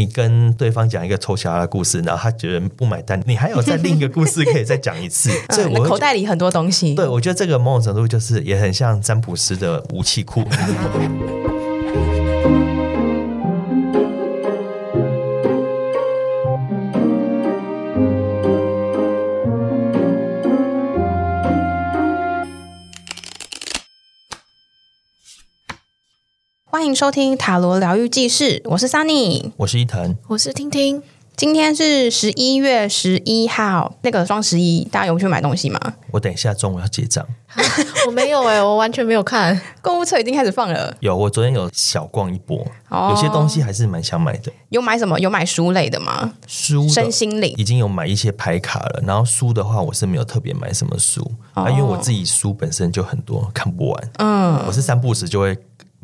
你跟對方講一個醜小鴨的故事，然後他覺得不買單，你還有在另一個故事可以再講一次。 所以我，啊，口袋裡很多東西。對，我覺得這個某種程度就是也很像占卜師的武器庫。 收聽塔羅聊癒記事，我是 Sunny，我是一騰，我是聽聽。今天是十一月十一號，那個雙十一，大家有去買東西嗎？我等一下中午要結賬，我沒有哎、欸， 我完全沒有看購物車已經開始放了。有，我昨天有小逛一波，哦、有些東西還是蠻想買的。有買什麼？有買書類的嗎？書的、身心靈已經有買一些牌卡了，然後書的話，我是沒有特別買什麼書、哦、啊，因為我自己書本身就很多，看不完。嗯，我是散步時就會。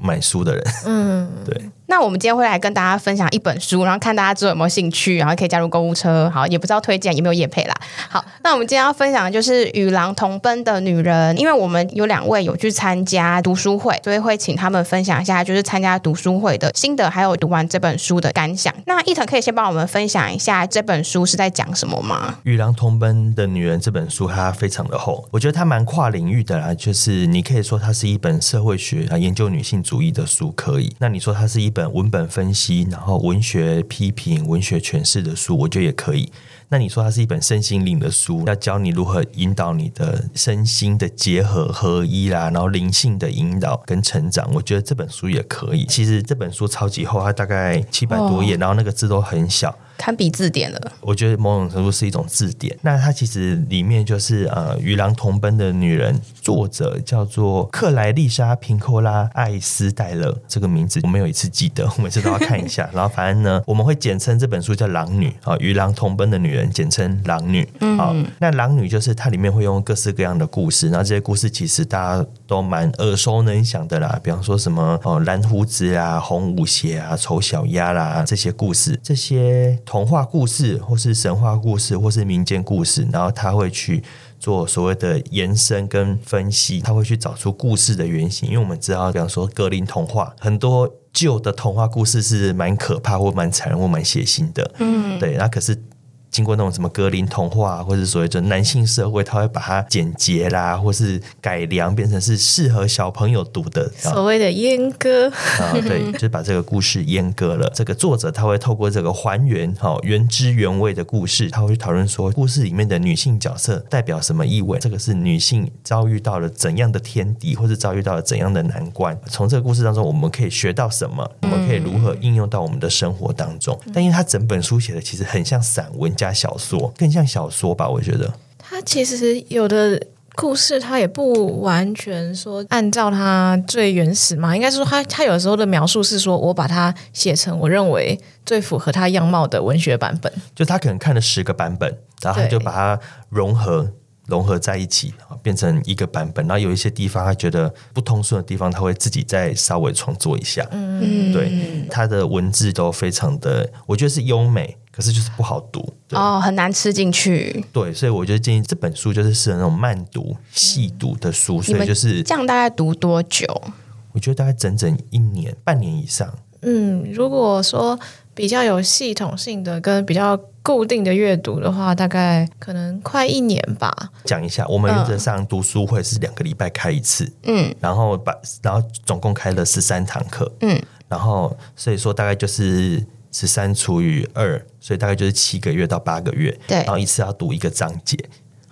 買書的人，嗯， 對。那我們今天會來跟大家分享一本書，然後看大家之後有沒有興趣，然後可以加入購物車。好，也不知道推薦有沒有業配啦。好，那我們今天要分享的就是《與狼同奔的女人》，因為我們有兩位有去參加讀書會，所以會請他們分享一下，就是參加讀書會的心得，還有讀完這本書的感想。那一騰可以先幫我們分享一下這本書是在講什麼嗎？《與狼同奔的女人》這本書它非常的厚，我覺得它蠻跨領域的啦，就是你可以說它是一本社會學啊，研究女性主義的書可以。那你說它是一本。本文本分析，然後文學批評、文學詮釋的書，我覺得也可以。那你說它是一本身心靈的書，要教你如何引導你的身心的結合合一啦，然後靈性的引導跟成長，我覺得這本書也可以。其實這本書超級厚，它大概七百多頁，oh. 然後那個字都很小。堪比字典了，我覺得某種程度是一種字典。那它其實裡面就是呃，與狼同奔的女人，作者叫做克萊麗莎·平科拉·艾斯戴勒。這個名字我沒有一次記得，我每次都要看一下。 然後反正呢，我們會簡稱這本書叫《狼女》啊、呃，《與狼同奔的女人》簡稱《狼女》呃。好、嗯呃，那《狼女》就是它裡面會用各式各樣的故事，然後這些故事其實大家都蠻耳熟能詳的啦，比方說什麼哦、呃，藍鬍子啊，紅舞鞋啊，醜小鴨啦，這些故事，這些。童話故事，或是神話故事，或是民間故事，然後他會去做所謂的延伸跟分析，他會去找出故事的原型。因為我們知道，比方說格林童話，很多舊的童話故事是蠻可怕，或蠻殘忍，或蠻血腥的。嗯，嗯，對，那可是。經過那種什麼格林童話，或者所謂就男性社會，他會把它簡潔啦，或是改良變成是適合小朋友讀的，所謂的閹割 啊，對，就把這個故事閹割了。這個作者他會透過這個還原，哦、原汁原味的故事，他會討論說故事裡面的女性角色代表什麼意味，這個是女性遭遇到了怎樣的天敵，或是遭遇到了怎樣的難關。從這個故事當中，我們可以學到什麼？我們可以如何應用到我們的生活當中？嗯、但因為他整本書寫的其實很像散文加。小說更像小說吧，我覺得。他其實有的故事，他也不完全說按照他最原始嘛，應該是說他它有時候的描述是說，我把它寫成我認為最符合他樣貌的文學版本，就他可能看了十個版本，然後他就把它融合。融合在一起啊，變成一個版本。然後有一些地方他覺得不通順的地方，他會自己再稍微創作一下。嗯對，他的文字都非常的，我覺得是優美，可是就是不好讀。哦，很難吃進去。對，所以我就建議這本書就是適合那種慢讀、嗯、細讀的書。所以就是這樣，大概讀多久？我覺得大概整整一年，半年以上。嗯，如果說比較有系統性的，跟比較。固定的閱讀的話，大概可能快一年吧。講一下，我們原則上讀書會是兩個禮拜開一次，嗯，然後把然後總共開了十三堂課，嗯，然後所以說大概就是十三除以二，所以大概就是七個月到八個月，對，然後一次要讀一個章節。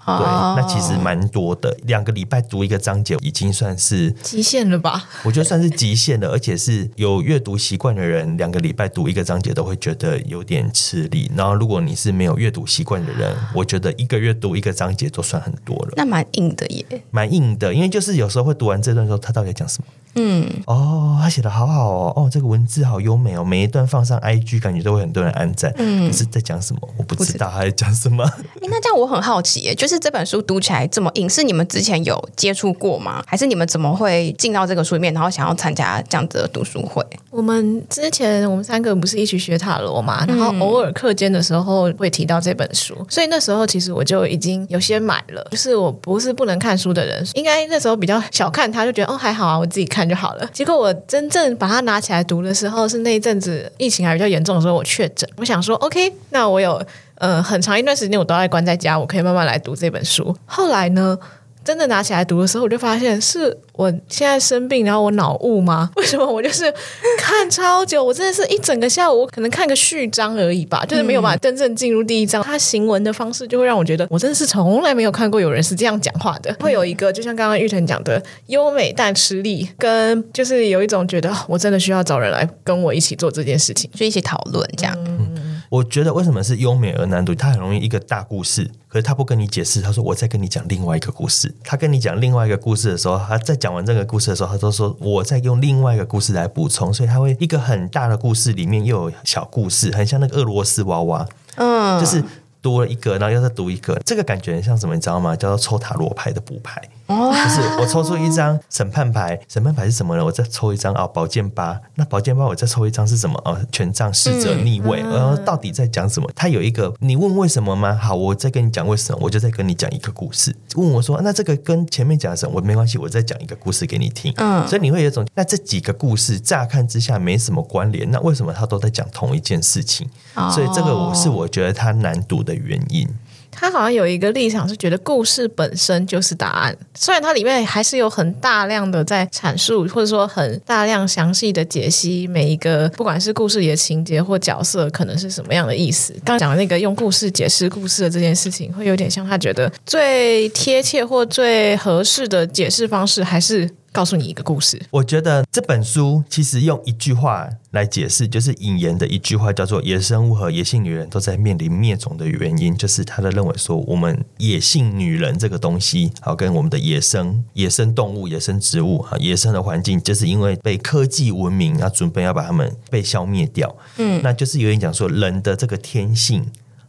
對，那其實蠻多的。兩個禮拜讀一個章節，已經算是極限了吧？ 我覺得算是極限了，而且是有閱讀習慣的人，兩個禮拜讀一個章節都會覺得有點吃力。然後，如果你是沒有閱讀習慣的人，我覺得一個月讀一個章節都算很多了。那蠻硬的耶，蠻硬的，因為就是有時候會讀完這段的時候，他到底講什麼？嗯，哦，他寫的好好哦，哦，這個文字好優美哦，每一段放上 IG，感覺都會很多人按讚。嗯，你是在講什麼？我不知道不知他在講什麼、欸。那這樣我很好奇耶、欸，就是。是這本書讀起來這麼硬，是你們之前有接觸過嗎？還是你們怎麼會進到這個書裡面，然後想要參加這樣子的讀書會？我們之前我們三個不是一起學塔羅嘛，然後偶爾課間的時候會提到這本書，嗯、所以那時候其實我就已經有些買了。就是我不是不能看書的人，應該那時候比較小看它，他就覺得哦還好啊，我自己看就好了。結果我真正把它拿起來讀的時候，是那一陣子疫情還比較嚴重的時候，我確診。我想說，OK，那我有。嗯，很長一段時間我都愛關在家，我可以慢慢來讀這本書。後來呢，真的拿起來讀的時候，我就發現是我現在生病，然後我腦霧嗎？為什麼我就是看超久？ 我真的是一整個下午，我可能看個序章而已吧，就是沒有辦法真正進入第一章。嗯、他行文的方式就會讓我覺得，我真的是從來沒有看過有人是這樣講話的。嗯、會有一個，就像剛剛一騰講的，優美但吃力，跟就是有一種覺得我真的需要找人來跟我一起做這件事情，就一起討論這樣。嗯我覺得為什麼是優美而難讀？他很容易一個大故事，可是他不跟你解釋。他說：“我在跟你講另外一個故事。”他跟你講另外一個故事的時候，他在講完這個故事的時候，他都說：“我在用另外一個故事來補充。”所以他會一個很大的故事裡面又有小故事，很像那個俄羅斯娃娃，嗯，uh. 就是多了一個，然後又再讀一個。這個感覺像什麼？你知道嗎？叫做抽塔羅牌的補牌。哦、不是，我抽出一張審判牌，審判牌是什麼呢？我再抽一張啊，寶劍八。那寶劍八，我再抽一張是什麼啊？哦？權杖侍者逆位。然後、嗯嗯呃、到底在講什麼？他有一個，你問為什麼嗎？好，我再跟你講為什麼，我就再跟你講一個故事。問我說，那這個跟前面講的什麼我沒關係？我再講一個故事給你聽。嗯，所以你會有一種，那這幾個故事乍看之下沒什麼關聯，那為什麼他都在講同一件事情？哦、所以這個我是我覺得它難讀的原因。他好像有一個立場是覺得故事本身就是答案，雖然它裡面還是有很大量的在闡述，或者說很大量詳細的解析每一個，不管是故事裡的情節或角色可能是什麼樣的意思。剛講的那個用故事解釋故事的這件事情，會有點像他覺得最貼切或最合適的解釋方式，還是？告訴你一個故事。我覺得這本書其實用一句話來解釋，就是引言的一句話叫做“野生物和野性女人都在面臨滅種的原因”，就是他的認為說，我們野性女人這個東西，好跟我們的野生野生動物、野生植物、哈野生的環境，就是因為被科技文明要準備要把他們被消滅掉。嗯，那就是有人講說，人的這個天性。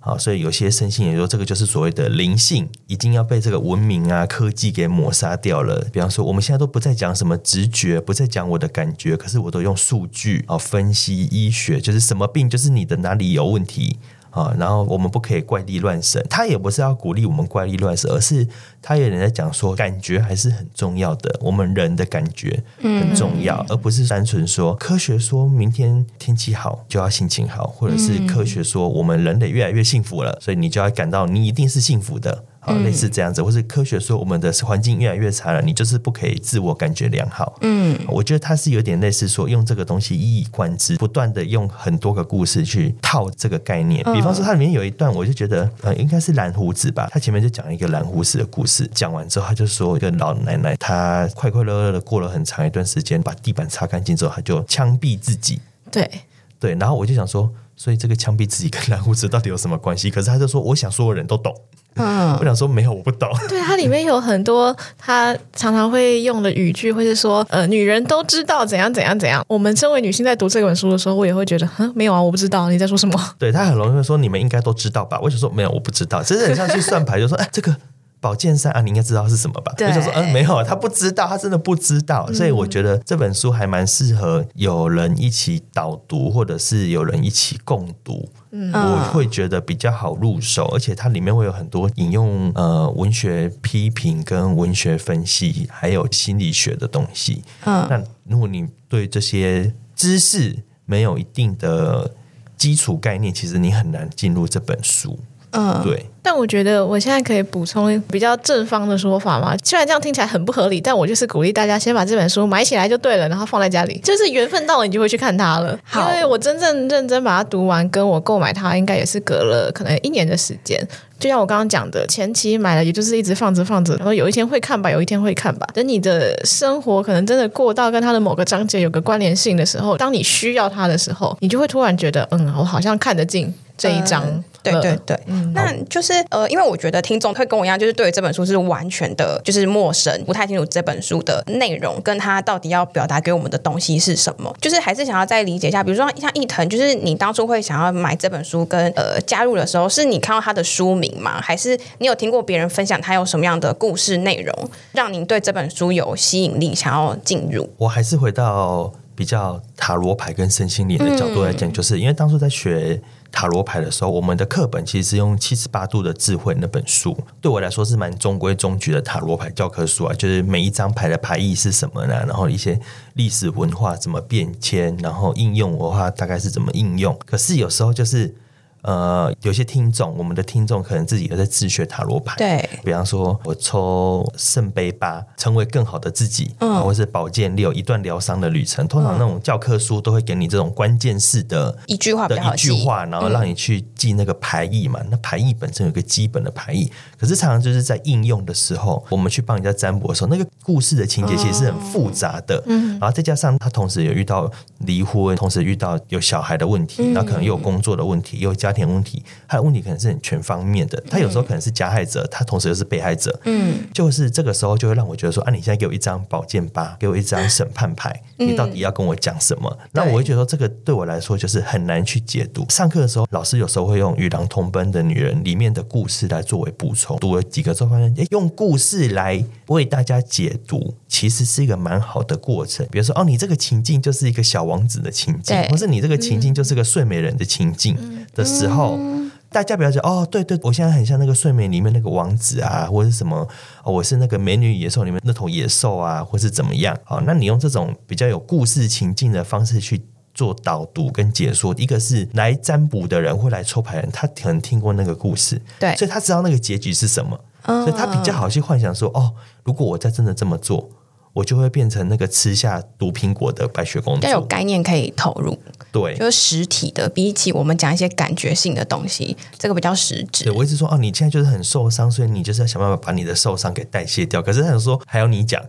好，所以有些身心靈，也就是說，這個就是所謂的靈性，已經要被這個文明啊、科技給抹殺掉了。比方說，我們現在都不再講什麼直覺，不再講我的感覺，可是我都用數據啊分析醫學，就是什麼病，就是你的哪裡有問題。啊，然後我們不可以怪力亂神，他也不是要鼓勵我們怪力亂神，而是他有人在講說，感覺還是很重要的，我們人的感覺很重要，嗯、而不是單純說科學說明天天氣好就要心情好，或者是科學說我們人類越來越幸福了，所以你就要感到你一定是幸福的。啊、哦，類似這樣子，嗯、或是科學說我們的環境越來越差了，你就是不可以自我感覺良好。嗯，我覺得它是有點類似說用這個東西一以貫之，不斷的用很多個故事去套這個概念。嗯、比方說，它裡面有一段，我就覺得嗯、呃，應該是藍鬍子吧。他前面就講一個藍鬍子的故事，講完之後他就說一個老奶奶，她快快樂樂的過了很長一段時間，把地板擦乾淨之後，她就槍斃自己。對對，然後我就想說。所以這個槍斃自己跟藍胡子到底有什麼關係？可是他就說，我想說的人都懂，嗯，我想說沒有，我不懂。對，它裡面有很多他常常會用的語句，或是說，呃，女人都知道怎樣怎樣怎樣。我們身為女性在讀這本書的時候，我也會覺得，嗯，沒有啊，我不知道你在說什麼。對，他很容易會說，你們應該都知道吧？我想說沒有，我不知道。其實很像去算牌，就說，哎、 欸，這個。寶劍三啊，你應該知道是什麼吧？對我就說，嗯，沒有，他不知道，他真的不知道。嗯、所以我覺得這本書還蠻適合有人一起導讀，或者是有人一起共讀，嗯、我會覺得比較好入手。嗯、而且它裡面會有很多引用呃文學批評跟文學分析，還有心理學的東西。嗯，那如果你對這些知識沒有一定的基礎概念，其實你很難進入這本書。嗯，對。但我覺得我現在可以補充比較正方的說法嘛，雖然這樣聽起來很不合理，但我就是鼓勵大家先把這本書買起來就對了，然後放在家裡，就是緣分到了你就會去看它了。好因為我真正認真把它讀完，跟我購買它應該也是隔了可能一年的時間。就像我剛剛講的，前期買了也就是一直放着放着，然後有一天會看吧，有一天會看吧。等你的生活可能真的過到跟它的某個章節有個關聯性的時候，當你需要它的時候，你就會突然覺得，嗯，我好像看得進這一章。嗯對對對，嗯、那就是好呃，因為我覺得聽眾會跟我一樣，就是對於這本書是完全的，就是陌生，不太清楚這本書的內容，跟他到底要表達給我們的東西是什麼。就是還是想要再理解一下，比如說像一騰，就是你當初會想要買這本書跟呃加入的時候，是你看到他的書名嗎？還是你有聽過別人分享他有什麼樣的故事內容，讓您對這本書有吸引力，想要進入？我還是回到比較塔羅牌跟身心靈的角度來講，嗯、就是因為當初在學。塔羅牌的時候，我們的課本其實是用七十八度的智慧那本書，對我來說是蠻中規中矩的塔羅牌教科書啊，就是每一張牌的牌意是什麼呢？然後一些歷史文化怎麼變遷，然後應用文化大概是怎麼應用？可是有時候就是。呃，有些聽眾，我們的聽眾可能自己也在自學塔羅牌，對，比方說，我抽聖杯八，成為更好的自己，嗯，或者是寶劍六，一段療傷的旅程。通常那種教科書都會給你這種關鍵式的、嗯、的一句話，一句話，然後讓你去記那個牌意嘛。嗯、那牌意本身有個基本的牌意，可是常常就是在應用的時候，我們去幫人家占卜的時候，那個故事的情節其實是很複雜的，哦、嗯，然後再加上他同時也遇到離婚，同時遇到有小孩的問題，那、嗯、可能又有工作的問題，又家。點問題，他的問題可能是很全方面的，他有時候可能是加害者，他同時又是被害者。嗯，就是這個時候就會讓我覺得說，啊，你現在給我一張寶劍八，給我一張審判牌，嗯、你到底要跟我講什麼？嗯、那我會覺得說，這個對我來說就是很難去解讀。對上課的時候，老師有時候會用《與狼同奔的女人》裡面的故事來作為補充，讀了幾個之後發現，哎、欸，用故事來為大家解讀，其實是一個蠻好的過程。比如說，哦、啊，你這個情境就是一個小王子的情境，或對是你這個情境就是個睡美人的情境、嗯、的然後、嗯、大家不要講哦，對對，我現在很像那個《睡美人》裡面那個王子啊，或者是什麼，哦、我是那個《美女野獸》裡面那頭野獸啊，或是怎麼樣？啊、哦，那你用這種比較有故事情境的方式去做導讀跟解說，一個是來占卜的人或來抽牌的人，他可能聽過那個故事，對，所以他知道那個結局是什麼，所以他比較好去幻想說，哦,哦，如果我在真的這麼做，我就會變成那個吃下毒蘋果的白雪公主，要有概念可以投入。對，就是實體的，比起我們講一些感覺性的東西，這個比較實質。我一直說哦，你現在就是很受傷，所以你就是要想辦法把你的受傷給代謝掉。可是他想說，還要你講，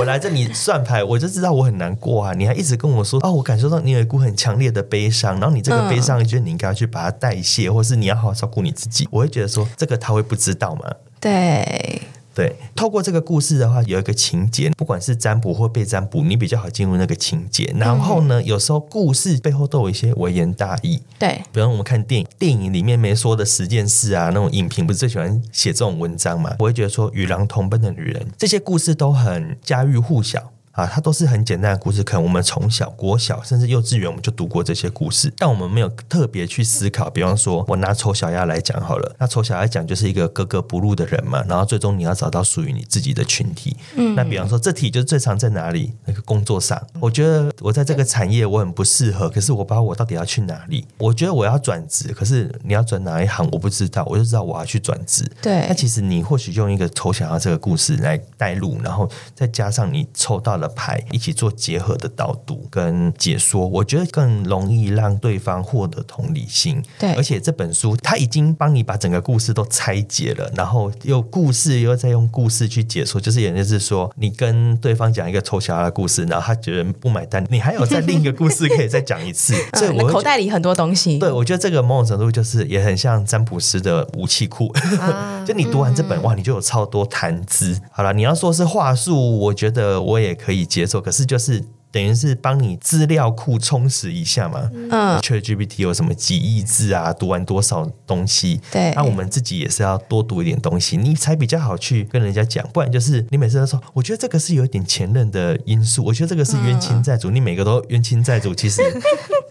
我來這裡算牌，我就知道我很難過啊。你還一直跟我說哦，我感受到你有一股很強烈的悲傷，然後你這個悲傷，你覺得你應該要去把它代謝，或是你要好好照顧你自己。我會覺得說，這個他會不知道嗎？對。對，透過這個故事的話，有一個情節，不管是占卜或被占卜，你比較好進入那個情節。然後呢，嗯、有時候故事背後都有一些微言大義。對，比如我們看電影，電影裡面沒說的十件事啊，那種影評不是最喜歡寫這種文章嘛？我會覺得說，《與狼同奔的女人》這些故事都很家喻戶曉。啊，它都是很簡單的故事，可能我們從小、國小甚至幼稚園，我們就讀過這些故事，但我們沒有特別去思考。比方說，我拿醜小鴨來講好了，那醜小鴨講就是一個格格不入的人嘛，然後最終你要找到屬於你自己的群體。嗯，那比方說這題就是最常在哪裡？那個工作上，我覺得我在這個產業我很不適合，可是我不知道我到底要去哪裡。我覺得我要轉職，可是你要轉哪一行我不知道，我就知道我要去轉職。對，那其實你或許用一個醜小鴨這個故事來帶路，然後再加上你抽到了的牌，一起做結合的導讀跟解說，我覺得更容易讓對方獲得同理心。對，而且這本書它已經幫你把整個故事都拆解了，然後又故事又再用故事去解說，就是也就是說，你跟對方講一個醜小鴨的故事，然後他覺得不買單，你還有在另一個故事可以再講一次。 所以我，我、啊、口袋裡很多東西。對，我覺得這個某種程度就是也很像占卜師的武器庫。 啊、就你讀完這本嗯嗯哇，你就有超多談資。好了，你要說是話術，我覺得我也可以。可以接受，可是就是。等於是幫你資料庫充實一下嘛？嗯 c h、啊、g p t 有什麼幾億字啊？讀完多少東西？對，那、啊、我們自己也是要多讀一點東西，你才比較好去跟人家講。不然就是你每次都說，我覺得這個是有一點前任的因素，我覺得這個是冤親債主。嗯、你每個都冤親債主，其實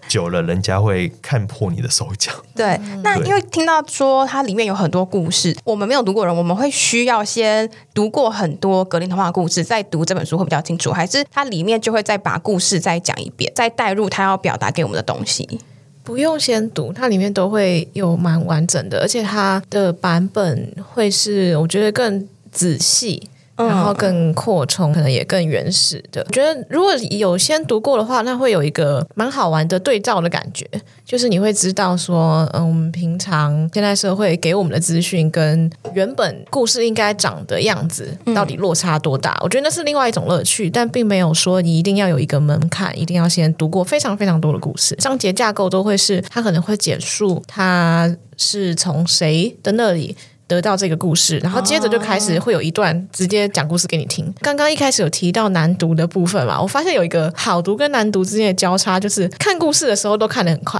久了人家會看破你的手腳。 對，那因為聽到說它裡面有很多故事，我們沒有讀過人，我們會需要先讀過很多格林童話故事，再讀這本書會比較清楚。還是它裡面就會再把。把故事再講一遍，再帶入他要表達給我們的東西。不用先讀，它裡面都會有蠻完整的，而且它的版本會是我覺得更仔細。然後更擴充，嗯、可能也更原始的。我覺得如果有先讀過的話，那會有一個蠻好玩的對照的感覺，就是你會知道說，嗯，我們平常現代社會給我們的資訊跟原本故事應該長的樣子，到底落差多大？嗯、我覺得那是另外一種樂趣，但並沒有說你一定要有一個門檻，一定要先讀過非常非常多的故事。章節架構都會是，它可能會簡述它是從誰的那裡。得到這個故事，然後接着就開始會有一段直接講故事給你聽。Oh. 剛剛一開始有提到難讀的部分嘛，我發現有一個好讀跟難讀之間的交叉，就是看故事的時候都看得很快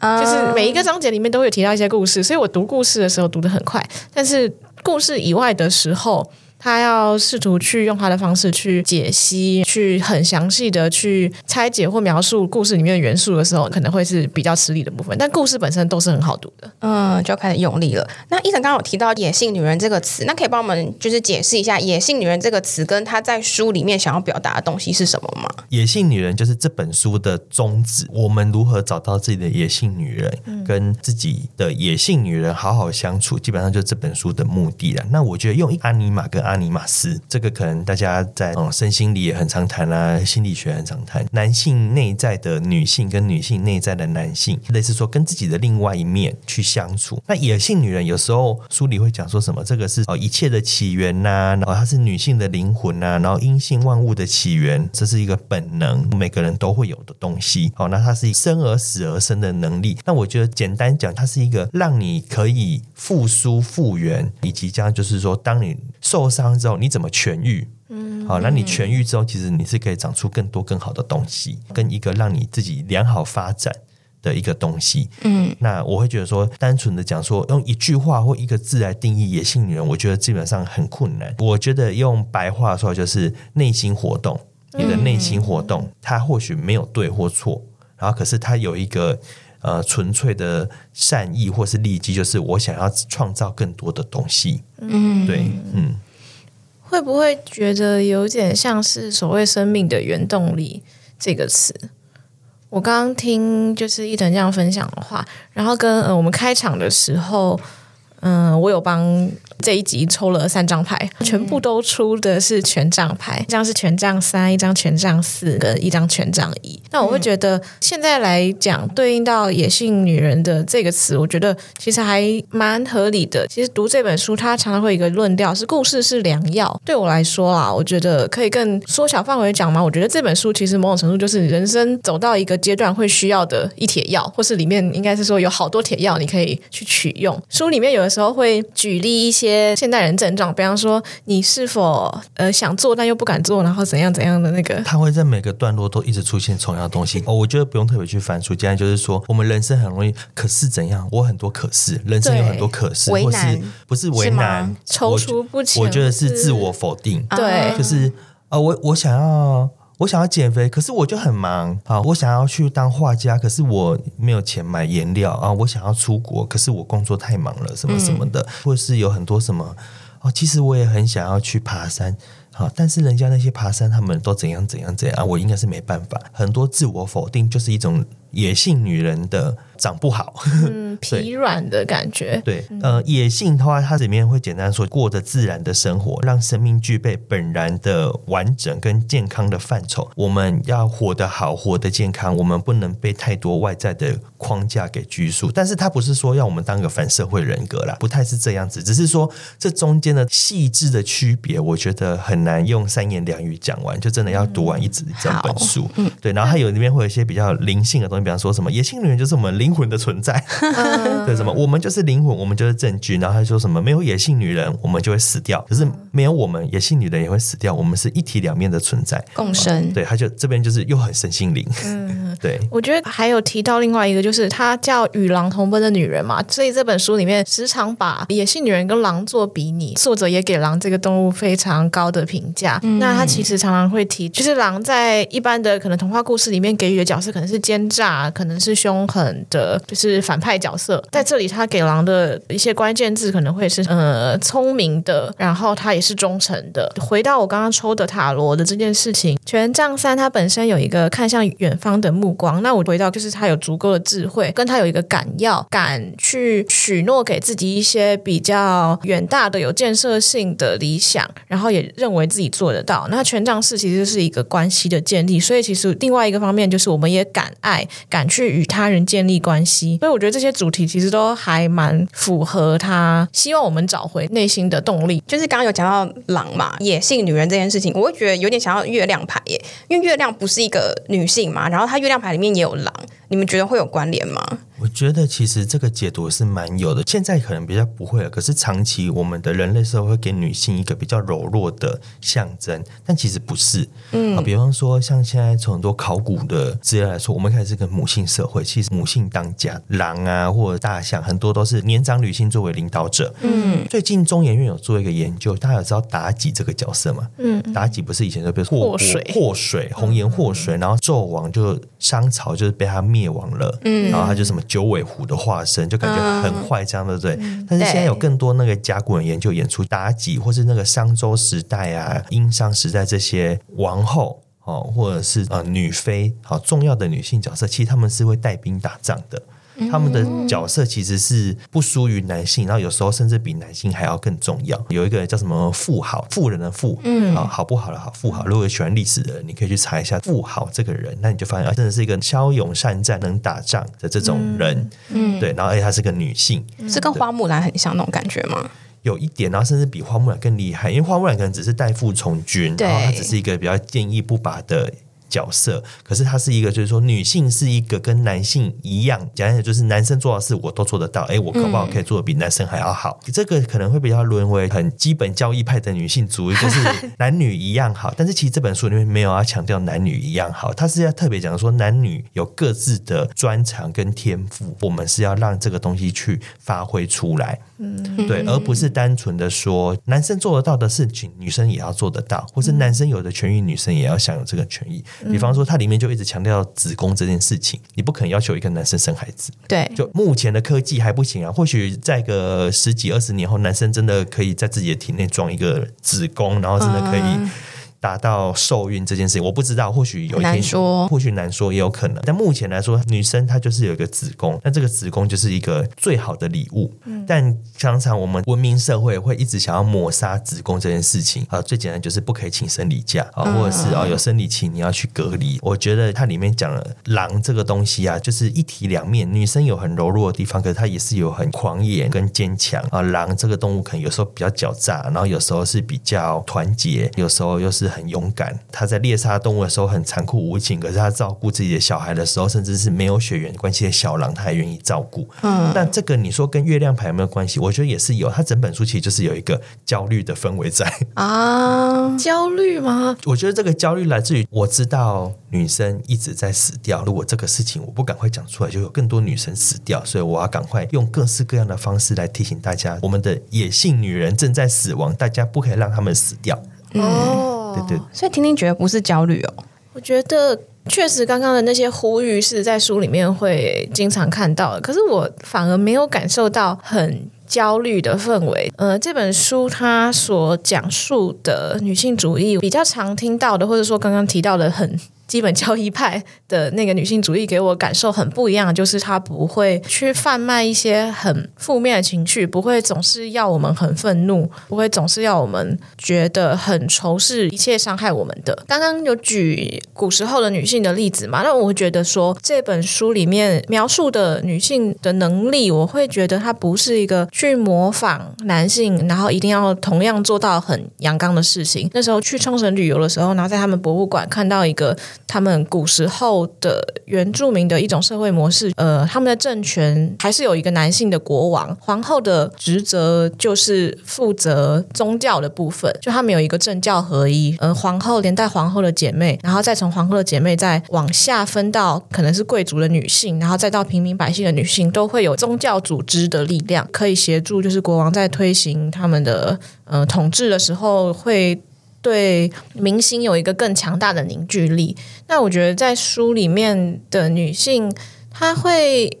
，oh. 就是每一個章節裡面都會有提到一些故事，所以我讀故事的時候讀得很快，但是故事以外的時候。他要試圖去用他的方式去解析、去很詳細的去拆解或描述故事裡面的元素的時候，可能會是比較吃力的部分。但故事本身都是很好讀的，嗯，就要開始用力了。那一騰剛剛有提到“野性女人”這個詞，那可以幫我們就是解釋一下“野性女人”這個詞跟他在書裡面想要表達的東西是什麼嗎？“野性女人”就是這本書的宗旨：我們如何找到自己的野性女人，嗯、跟自己的野性女人好好相處，基本上就是這本書的目的了。那我覺得用“安妮瑪”跟阿尼瑪斯，這個可能大家在哦身心靈也很常談啊，心理學也很常談。男性內在的女性跟女性內在的男性，類似說跟自己的另外一面去相處。那野性女人有時候書裡會講說什麼？這個是哦一切的起源吶、啊，然後它是女性的靈魂吶、啊，然後陰性萬物的起源，這是一個本能，每個人都會有的東西。哦，那它是生而死而生的能力。那我覺得簡單講，它是一個讓你可以復甦復原，以及將就是說當你受傷。傷之後你怎麼痊癒？嗯，好，那你痊癒之後，其實你是可以長出更多更好的東西，跟一個讓你自己良好發展的一個東西。嗯，那我會覺得說，單純的講說用一句話或一個字來定義野性女人，我覺得基本上很困難。我覺得用白話說就是內心活動，嗯、你的內心活動，它或許沒有對或錯，然後可是它有一個呃純粹的善意或是利己，就是我想要創造更多的東西。嗯，對，嗯。會不會覺得有點像是所謂“生命的原動力”這個詞？我剛剛聽就是一騰這樣分享的話，然後跟呃我們開場的時候，嗯、呃，我有幫。這一集抽了三張牌，全部都出的是權杖牌，嗯、一張是權杖三，一張權杖四，跟一張權杖一。那我會覺得現在來講，對應到野性女人的這個詞，我覺得其實還蠻合理的。其實讀這本書，它常常會有一個論調是故事是良藥。對我來說啊，我覺得可以更縮小範圍講嘛。我覺得這本書其實某種程度就是人生走到一個階段會需要的一帖藥，或是裡面應該是說有好多帖藥你可以去取用。書裡面有的時候會舉例一些。些現代人症狀，比方說你是否呃想做但又不敢做，然後怎樣怎樣的那個，他會在每個段落都一直出現同樣的東西。哦，我覺得不用特別去翻書。現在就是說，我們人生很容易，可是怎樣？我很多可是，人生有很多可是，對或是難不是為難？躊躇不前。我覺得是自我否定。對，就是啊、哦，我我想要。我想要減肥，可是我就很忙啊！我想要去當畫家，可是我沒有錢買顏料啊！我想要出國，可是我工作太忙了，什麼什麼的，嗯、或是有很多什麼哦，其實我也很想要去爬山啊，但是人家那些爬山他們都怎樣怎樣怎樣，我應該是沒辦法。很多自我否定就是一種野性女人的，長不好，嗯， 以疲軟的感覺。對，嗯、呃，野性的話，它裡面會簡單說，過着自然的生活，讓生命具備本然的完整跟健康的範疇。我們要活得好，活得健康，我們不能被太多外在的框架給拘束。但是它不是說要我們當個反社會人格啦，不太是這樣子。只是說這中間的細緻的區別，我覺得很難用三言兩語講完，就真的要讀完一整整本書。嗯、對。然後還有裡面會有一些比較靈性的東西，比方說什麼野性女人就是我們靈靈魂的存在、uh, 對，對什麼？我們就是靈魂，我們就是證據。然後他說什麼？沒有野性女人，我們就會死掉。可是沒有我們野性女人也會死掉。我們是一體兩面的存在，共生、啊。對，他就這邊就是又很身心靈。嗯，對。我覺得還有提到另外一個，就是他叫與狼同奔的女人嘛。所以這本書裡面時常把野性女人跟狼做比擬，作者也給狼這個動物非常高的評價。嗯、那他其實常常會提，就是狼在一般的可能童話故事裡面給予的角色，可能是奸詐，可能是凶狠呃，就是反派角色在這裡，他給狼的一些關鍵字可能會是呃，聰明的，然後他也是忠誠的。回到我剛剛抽的塔羅的這件事情，權杖三，它本身有一個看向遠方的目光。那我回到，就是他有足夠的智慧，跟他有一個敢要敢去許諾給自己一些比較遠大的、有建設性的理想，然後也認為自己做得到。那權杖四其實就是一個關係的建立，所以其實另外一個方面就是，我們也敢愛，敢去與他人建立過。關係，所以我覺得這些主題其實都還蠻符合他希望我們找回內心的動力。就是剛剛有講到狼嘛，野性女人這件事情，我會覺得有點想要月亮牌耶，因為月亮不是一個女性嘛，然後它月亮牌裡面也有狼，你們覺得會有關聯嗎？我覺得其實這個解讀是蠻有的，現在可能比較不會了。可是長期我們的人類社會，會給女性一個比較柔弱的象徵，但其實不是。嗯、啊，比方說像現在從很多考古的資料來說，我們開始是個母性社會，其實母性當家，狼啊或者大象很多都是年長女性作為領導者。嗯，最近中研院有做一個研究，大家有知道妲己這個角色嗎？嗯，妲己不是以前就被禍水，禍水，紅顏禍水，嗯、然後紂王就商朝就是被她滅亡了。嗯，然後她就什麼。九尾狐的化身，就感覺很壞，這樣、嗯、對不對？但是現在有更多那個甲骨文研究演出妲己對，或是那個商周時代啊、殷商時代這些王后哦，或者是呃女妃好、哦、重要的女性角色，其實她們是會帶兵打仗的。他們的角色其實是不輸於男性，然後有時候甚至比男性還要更重要。有一個叫什麼婦好，婦人的婦、嗯、好不好的好，婦好。如果喜歡歷史的人，你可以去查一下婦好這個人，那你就發現啊，真的是一個驍勇善戰、能打仗的這種人。嗯，對，然後而且她是個女性，嗯、對是跟花木蘭很像那種感覺嗎？有一點，然後甚至比花木蘭更厲害，因為花木蘭可能只是代父從軍，對然後她只是一個比較堅毅不拔的。角色，可是它是一個，就是說女性是一個跟男性一樣，講起來就是男生做的事我都做得到，哎，我可不可以做的比男生還要好？嗯、這個可能會比較淪為很基本教義派的女性主義，就是男女一樣好。 但是其實這本書裡面沒有要強調男女一樣好，它是要特別講說男女有各自的專長跟天賦，我們是要讓這個東西去發揮出來。嗯，對，而不是單純的說男生做得到的事情，女生也要做得到，或是男生有的權益，女生也要享有這個權益。比方說，它裡面就一直強調子宮這件事情，嗯、你不可能要求一個男生生孩子。對，就目前的科技還不行啊，或許在個十幾二十年後，男生真的可以在自己的體內裝一個子宮，然後真的可以。達到受孕這件事情，我不知道，或許有一天有，難說，或許難說也有可能。但目前來說，女生她就是有一個子宮，那這個子宮就是一個最好的禮物。嗯。但常常我們文明社會會一直想要抹殺子宮這件事情啊。最簡單就是不可以請生理假啊，或者是啊有生理期你要去隔離。嗯嗯。我覺得它裡面講了狼這個東西啊，就是一體兩面。女生有很柔弱的地方，可是她也是有很狂野跟堅強啊。狼這個動物可能有時候比較狡詐，然後有時候是比較團結，有時候又是。很勇敢，他在獵殺動物的時候很殘酷無情，可是他照顧自己的小孩的時候，甚至是沒有血緣關係的小狼，他還願意照顧。嗯，但這個你說跟月亮牌有沒有關係？我覺得也是有。他整本書其實就是有一個焦慮的氛圍在啊，嗯、焦慮嗎？我覺得這個焦慮來自於我知道女生一直在死掉，如果這個事情我不趕快講出來，就有更多女生死掉，所以我要趕快用各式各樣的方式來提醒大家，我們的野性女人正在死亡，大家不可以讓她們死掉。哦、嗯。嗯對對，所以聽聽覺得不是焦慮哦，我覺得確實剛剛的那些呼籲是在書裡面會經常看到的，可是我反而沒有感受到很焦慮的氛圍。呃，這本書它所講述的女性主義，比較常聽到的，或者說剛剛提到的很基本教義派的那個女性主義給我感受很不一樣，就是她不會去販賣一些很負面的情緒，不會總是要我們很憤怒，不會總是要我們覺得很仇視一切傷害我們的。剛剛有舉古時候的女性的例子嘛，那我會覺得說這本書裡面描述的女性的能力，我會覺得她不是一個去模仿男性，然後一定要同樣做到很陽剛的事情。那時候去沖繩旅遊的時候，然後在他們博物館看到一個。他們古時候的原住民的一種社會模式，呃，他們的政權還是有一個男性的國王，皇後的職責就是負責宗教的部分，就他們有一個政教合一，而、呃、皇后連帶皇後的姐妹，然後再從皇後的姐妹再往下分到可能是貴族的女性，然後再到平民百姓的女性，都會有宗教組織的力量可以協助，就是國王在推行他們的呃統治的時候會。對明星有一個更強大的凝聚力。那我覺得在書裡面的女性，她會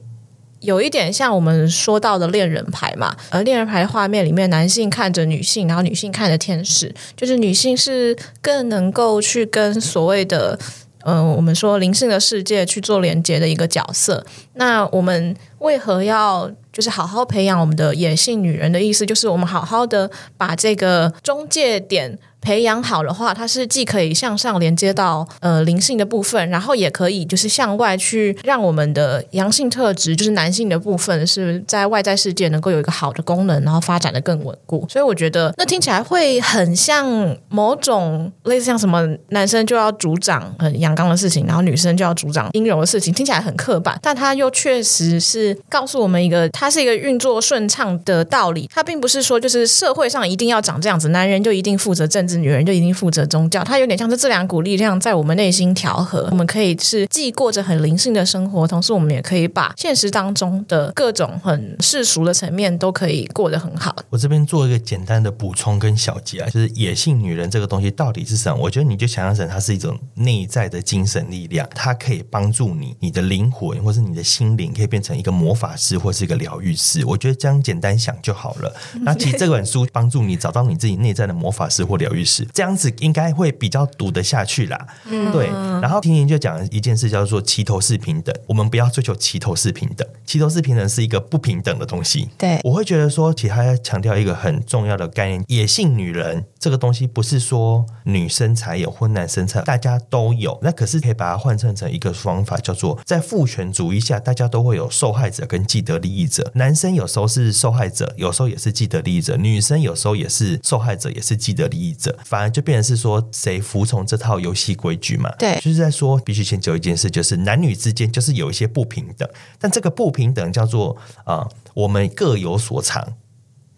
有一點像我們說到的戀人牌嘛？而戀人牌畫面裡面，男性看着女性，然後女性看着天使，就是女性是更能夠去跟所謂的，呃，我們說靈性的世界去做連接的一個角色。那我們為何要就是好好培養我們的野性女人的意思，就是我們好好的把這個中介點。培養好的話，它是既可以向上連接到呃靈性的部分，然後也可以就是向外去讓我們的陽性特質，就是男性的部分，是在外在世界能夠有一個好的功能，然後發展得更穩固。所以我覺得那聽起來會很像某種類似像什麼男生就要主掌很陽剛的事情，然後女生就要主掌陰柔的事情，聽起來很刻板，但它又確實是告訴我們一個它是一個運作順暢的道理。它並不是說就是社會上一定要長這樣子，男人就一定負責正。女人就一定負責宗教，它有點像是這兩股力量在我們內心調和。我們可以是既過着很靈性的生活，同時我們也可以把現實當中的各種很世俗的層面都可以過得很好。我這邊做一個簡單的補充跟小結啊，就是野性女人這個東西到底是什麼？我覺得你就想象成它是一種內在的精神力量，它可以幫助你，你的靈魂或是你的心靈可以變成一個魔法師或是一個療癒師。我覺得這樣簡單想就好了。那其實這本書幫助你找到你自己內在的魔法師或療癒。 於是這樣子應該會比較讀得下去啦，嗯、對。然後聽聽就講一件事，叫做齊頭式平等。我們不要追求齊頭式平等，齊頭式平等是一個不平等的東西。對，我會覺得說，其實要強調一個很重要的概念：野性女人這個東西，不是說女生才有婚男生材，大家都有。那可是可以把它換算成一個方法，叫做在父權主義下，大家都會有受害者跟既得利益者。男生有時候是受害者，有時候也是既得利益者；女生有時候也是受害者，也是既得利益者。反而就變成是說，誰服從這套遊戲規矩嘛？對，就是在說必須先求一件事，就是男女之間就是有一些不平等，但這個不平等叫做啊、呃，我們各有所長。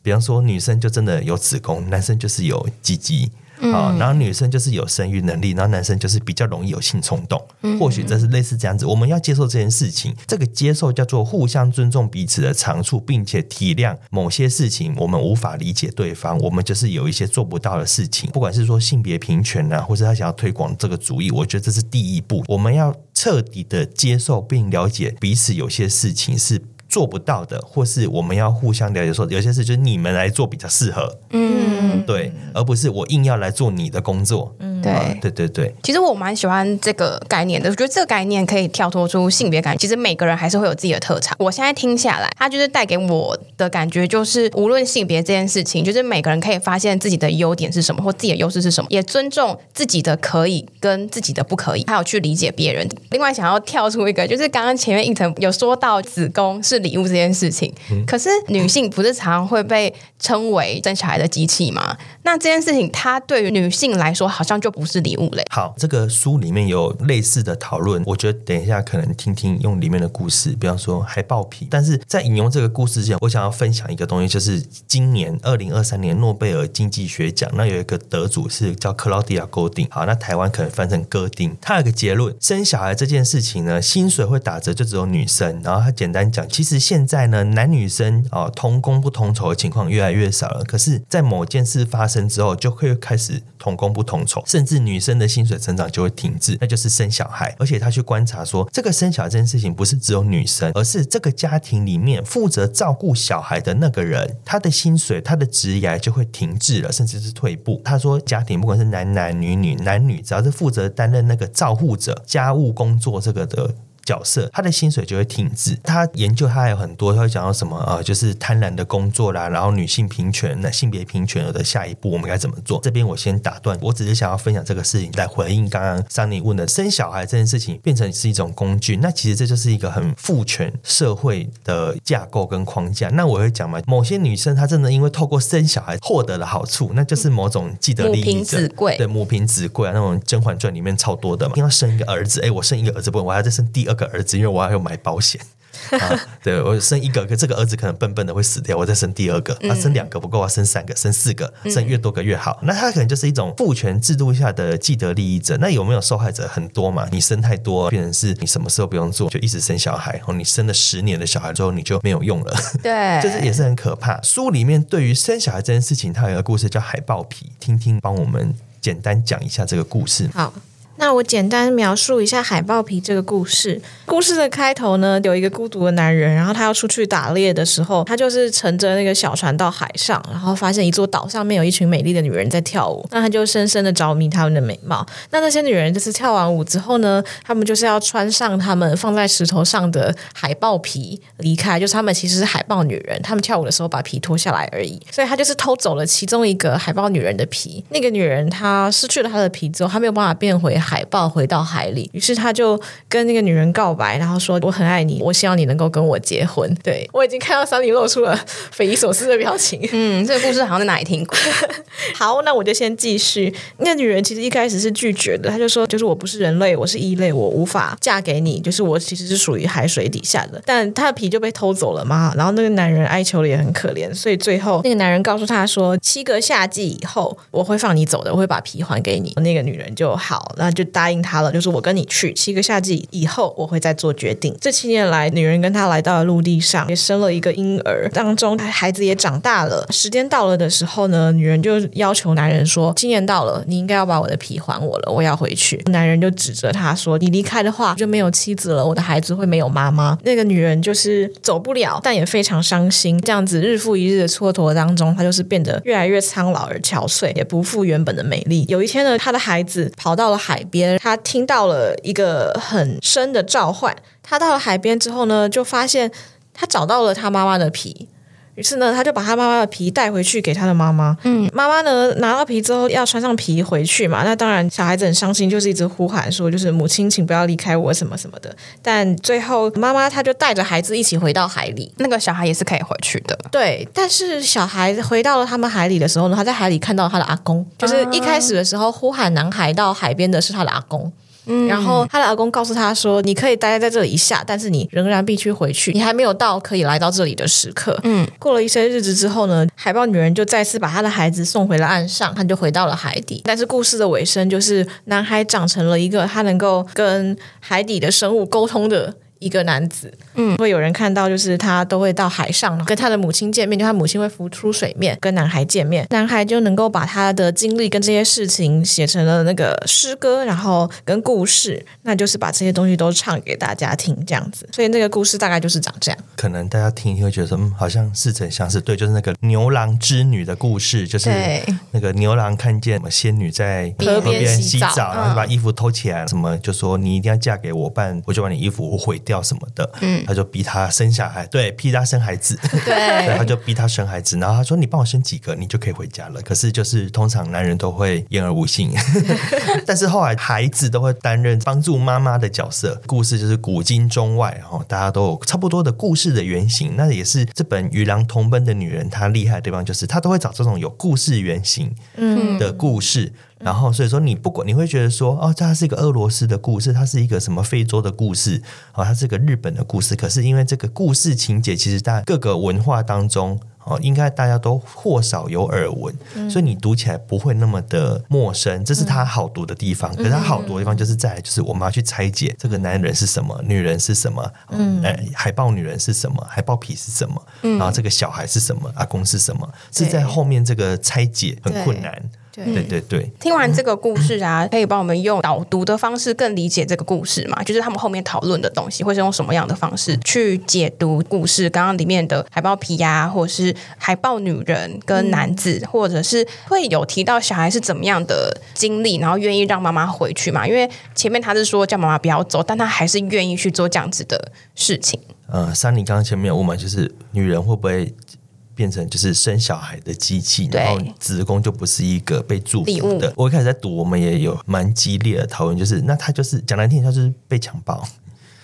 比方說女生就真的有子宮，男生就是有雞雞。好，然後女生就是有生育能力，然後男生就是比較容易有性衝動。或許這是類似這樣子，我們要接受這件事情。這個接受叫做互相尊重彼此的長處，並且體諒某些事情我們無法理解對方，我們就是有一些做不到的事情。不管是說性別平權啊，或是他想要推廣這個主義，我覺得這是第一步。我們要徹底的接受並了解彼此有些事情是。做不到的，或是我們要互相了解說，說有些事就是你們來做比較適合，嗯，對，而不是我硬要來做你的工作，嗯，嗯，對，對對對。對，其實我蠻喜歡這個概念的，我覺得這個概念可以跳脫出性別感。其實每個人還是會有自己的特長。我現在聽下來，它就是帶給我的感覺，就是無論性別這件事情，就是每個人可以發現自己的優點是什麼，或自己的優勢是什麼，也尊重自己的可以跟自己的不可以，還有去理解別人。另外，想要跳出一個，就是剛剛前面一層有說到子宮是。禮物這件事情，可是女性不是常常會被稱為生小孩的機器嗎？那這件事情，它對於女性來說，好像就不是禮物嘞。好，這個書裡面有類似的討論，我覺得等一下可能聽聽用裡面的故事，比方說海豹皮。但是在引用這個故事之前，我想要分享一個東西，就是今年二零二三年諾貝爾經濟學獎，那有一個得主是叫克勞迪亞·戈丁。好，那台灣可能翻成哥丁，他有個結論：生小孩這件事情呢，薪水會打折，就只有女生。然後他簡單講，其實。是現在呢，男女生啊、哦、同工不同酬的情況越來越少了。可是，在某件事發生之後，就會開始同工不同酬，甚至女生的薪水成長就會停滯。那就是生小孩，而且他去觀察說，這個生小孩這件事情不是只有女生，而是這個家庭裡面負責照顧小孩的那個人，他的薪水、他的職涯就會停滯了，甚至是退步。他說，家庭不管是男男女女，男女只要是負責擔任那個照護者、家務工作這個的角色，他的薪水就會停止。他研究，他還有很多，他會講到什麼啊、呃？就是貪婪的工作啦，然後女性平權，那性別平權的下一步我們該怎麼做？這邊我先打斷，我只是想要分享這個事情來回應剛剛 Sunny 問的生小孩這件事情變成是一種工具，那其實這就是一個很父權社會的架構跟框架。那我會講嘛，某些女生她真的因為透過生小孩獲得了好處，那就是某種既得利益的，嗯、母憑子貴。對，母憑子貴啊，那種《甄嬛傳》裡面超多的嘛，一定要生一個兒子，哎、欸，我生一個兒子不然，我還要再生第二個。個兒子，因為我還要買保險啊！對我生一個，可這個兒子可能笨笨的會死掉，我再生第二個，啊，生兩個不夠啊，生三個，生四個，生越多個越好。那他可能就是一種父權制度下的既得利益者。那有沒有受害者很多嘛？你生太多，變成是你什麼事都不用做，就一直生小孩。然後哦，你生了十年的小孩之後，你就沒有用了。對，這是也是很可怕。書裡面對於生小孩這件事情，它有一個故事叫《海豹皮》，聽聽幫我們簡單講一下這個故事。好。那我簡單描述一下海豹皮這個故事。故事的開頭呢，有一個孤獨的男人，然後他要出去打獵的時候，他就是乘着那個小船到海上，然後發現一座島上面有一群美麗的女人在跳舞。那他就深深的着迷她們的美貌。那那些女人就是跳完舞之後呢，她們就是要穿上她們放在石頭上的海豹皮離開，就是她們其實是海豹女人，她們跳舞的時候把皮脫下來而已。所以她就是偷走了其中一個海豹女人的皮。那個女人她失去了她的皮之後，她沒有辦法變回海。海豹回到海裡，於是他就跟那個女人告白，然後說：“我很愛你，我希望你能夠跟我結婚。對”對，我已經看到桑尼露出了匪夷所思的表情。 嗯，這個故事好像在哪裡聽過？ 好，那我就先繼續。那女人其實一開始是拒絕的，她就說：“就是我不是人類，我是異類，我無法嫁給你。就是我其實是屬於海水底下的。”但她的皮就被偷走了嘛。然後那個男人哀求的也很可憐，所以最後那個男人告訴她說：“七個夏季以後，我會放你走的，我會把皮還給你。”那個女人就好，那就。就答應他了，就是我跟你去，七個夏季以後，我會再做決定。這七年來，女人跟他來到了陸地上，也生了一個嬰兒。當中，孩子也長大了。時間到了的時候呢，女人就要求男人說：“七年到了，你應該要把我的皮還我了，我要回去。”男人就指責她說：“你離開的話，就沒有妻子了，我的孩子會沒有媽媽。”那個女人就是走不了，但也非常傷心。這樣子日復一日的蹉跎當中，她就是變得越來越蒼老而憔悴，也不復原本的美麗。有一天呢，她的孩子跑到了海邊，他聽到了一個很深的召喚，他到了海邊之後呢，就發現，他找到了他媽媽的皮。於是呢，他就把他媽媽的皮帶回去給他的媽媽。嗯，媽媽呢拿到皮之後要穿上皮回去嘛？那當然，小孩子很傷心，就是一直呼喊說，就是母親，請不要離開我什麼什麼的。但最後，媽媽她就帶着孩子一起回到海裡，那個小孩也是可以回去的。對，但是小孩回到了他們海裡的時候呢，他在海裡看到了他的阿公，就是一開始的時候呼喊男孩到海邊的是他的阿公。嗯，然後，她的老公告訴她說：“你可以待在這裡一下，但是你仍然必須回去。你還沒有到可以來到這裡的時刻。”嗯，過了一些日子之後呢，海豹女人就再次把她的孩子送回了岸上，她就回到了海底。但是，故事的尾聲就是男孩長成了一個他能夠跟海底的生物溝通的。一個男子，嗯，會有人看到，就是他都會到海上，跟他的母親見面，就他母親會浮出水面跟男孩見面，男孩就能夠把他的經歷跟這些事情寫成了那個詩歌，然後跟故事，那就是把這些東西都唱給大家聽，這樣子。所以那個故事大概就是長這樣。可能大家聽會覺得，嗯，好像似曾相識。對，就是那個牛郎織女的故事，對就是那個牛郎看見什麼仙女在河邊洗澡，洗澡嗯、然後把衣服偷起來什麼就說你一定要嫁給我，不然我就把你衣服毀掉。要什麼的，嗯，他就逼他生小孩，對，逼他生孩子，對，對，他就逼他生孩子，然後他說你幫我生幾個，你就可以回家了。可是就是通常男人都會言而無信，對但是後來孩子都會擔任幫助媽媽的角色。故事就是古今中外，哦，大家都有差不多的故事的原型。那也是這本《與狼同奔的女人》她厲害的地方，就是她都會找這種有故事原型的故事。嗯然後，所以說你不管你會覺得說，哦，這它是一個俄羅斯的故事，它是一個什麼非洲的故事，哦，它是一個日本的故事。可是因為這個故事情節，其實在各個文化當中，哦，應該大家都或少有耳聞，嗯、所以你讀起來不會那麼的陌生，這是它好讀的地方。嗯、可是它好讀的地方就，就是在就是我們要去拆解這個男人是什麼，女人是什麼，嗯，嗯哎、海豹女人是什麼，海豹皮是什麼，嗯、然後這個小孩是什麼，阿公是什麼，是在後面這個拆解很困難。對對對、嗯，聽完這個故事啊，可以幫我們用導讀的方式更理解這個故事嘛？就是他們後面討論的東西，會是用什麼樣的方式去解讀故事？剛剛裡面的海豹皮呀、啊，或者是海豹女人跟男子，嗯、或者是會有提到小孩是怎麼樣的經歷，然後願意讓媽媽回去嘛？因為前面他是說叫媽媽不要走，但他還是願意去做這樣子的事情。呃，Sunny 你剛剛前面有問嘛，就是女人會不會？變成就是生小孩的機器，對然後子宮就不是一個被祝福的。物我一開始在讀，我們也有蠻激烈的討論，就是那他就是講難聽點，他就是被強暴。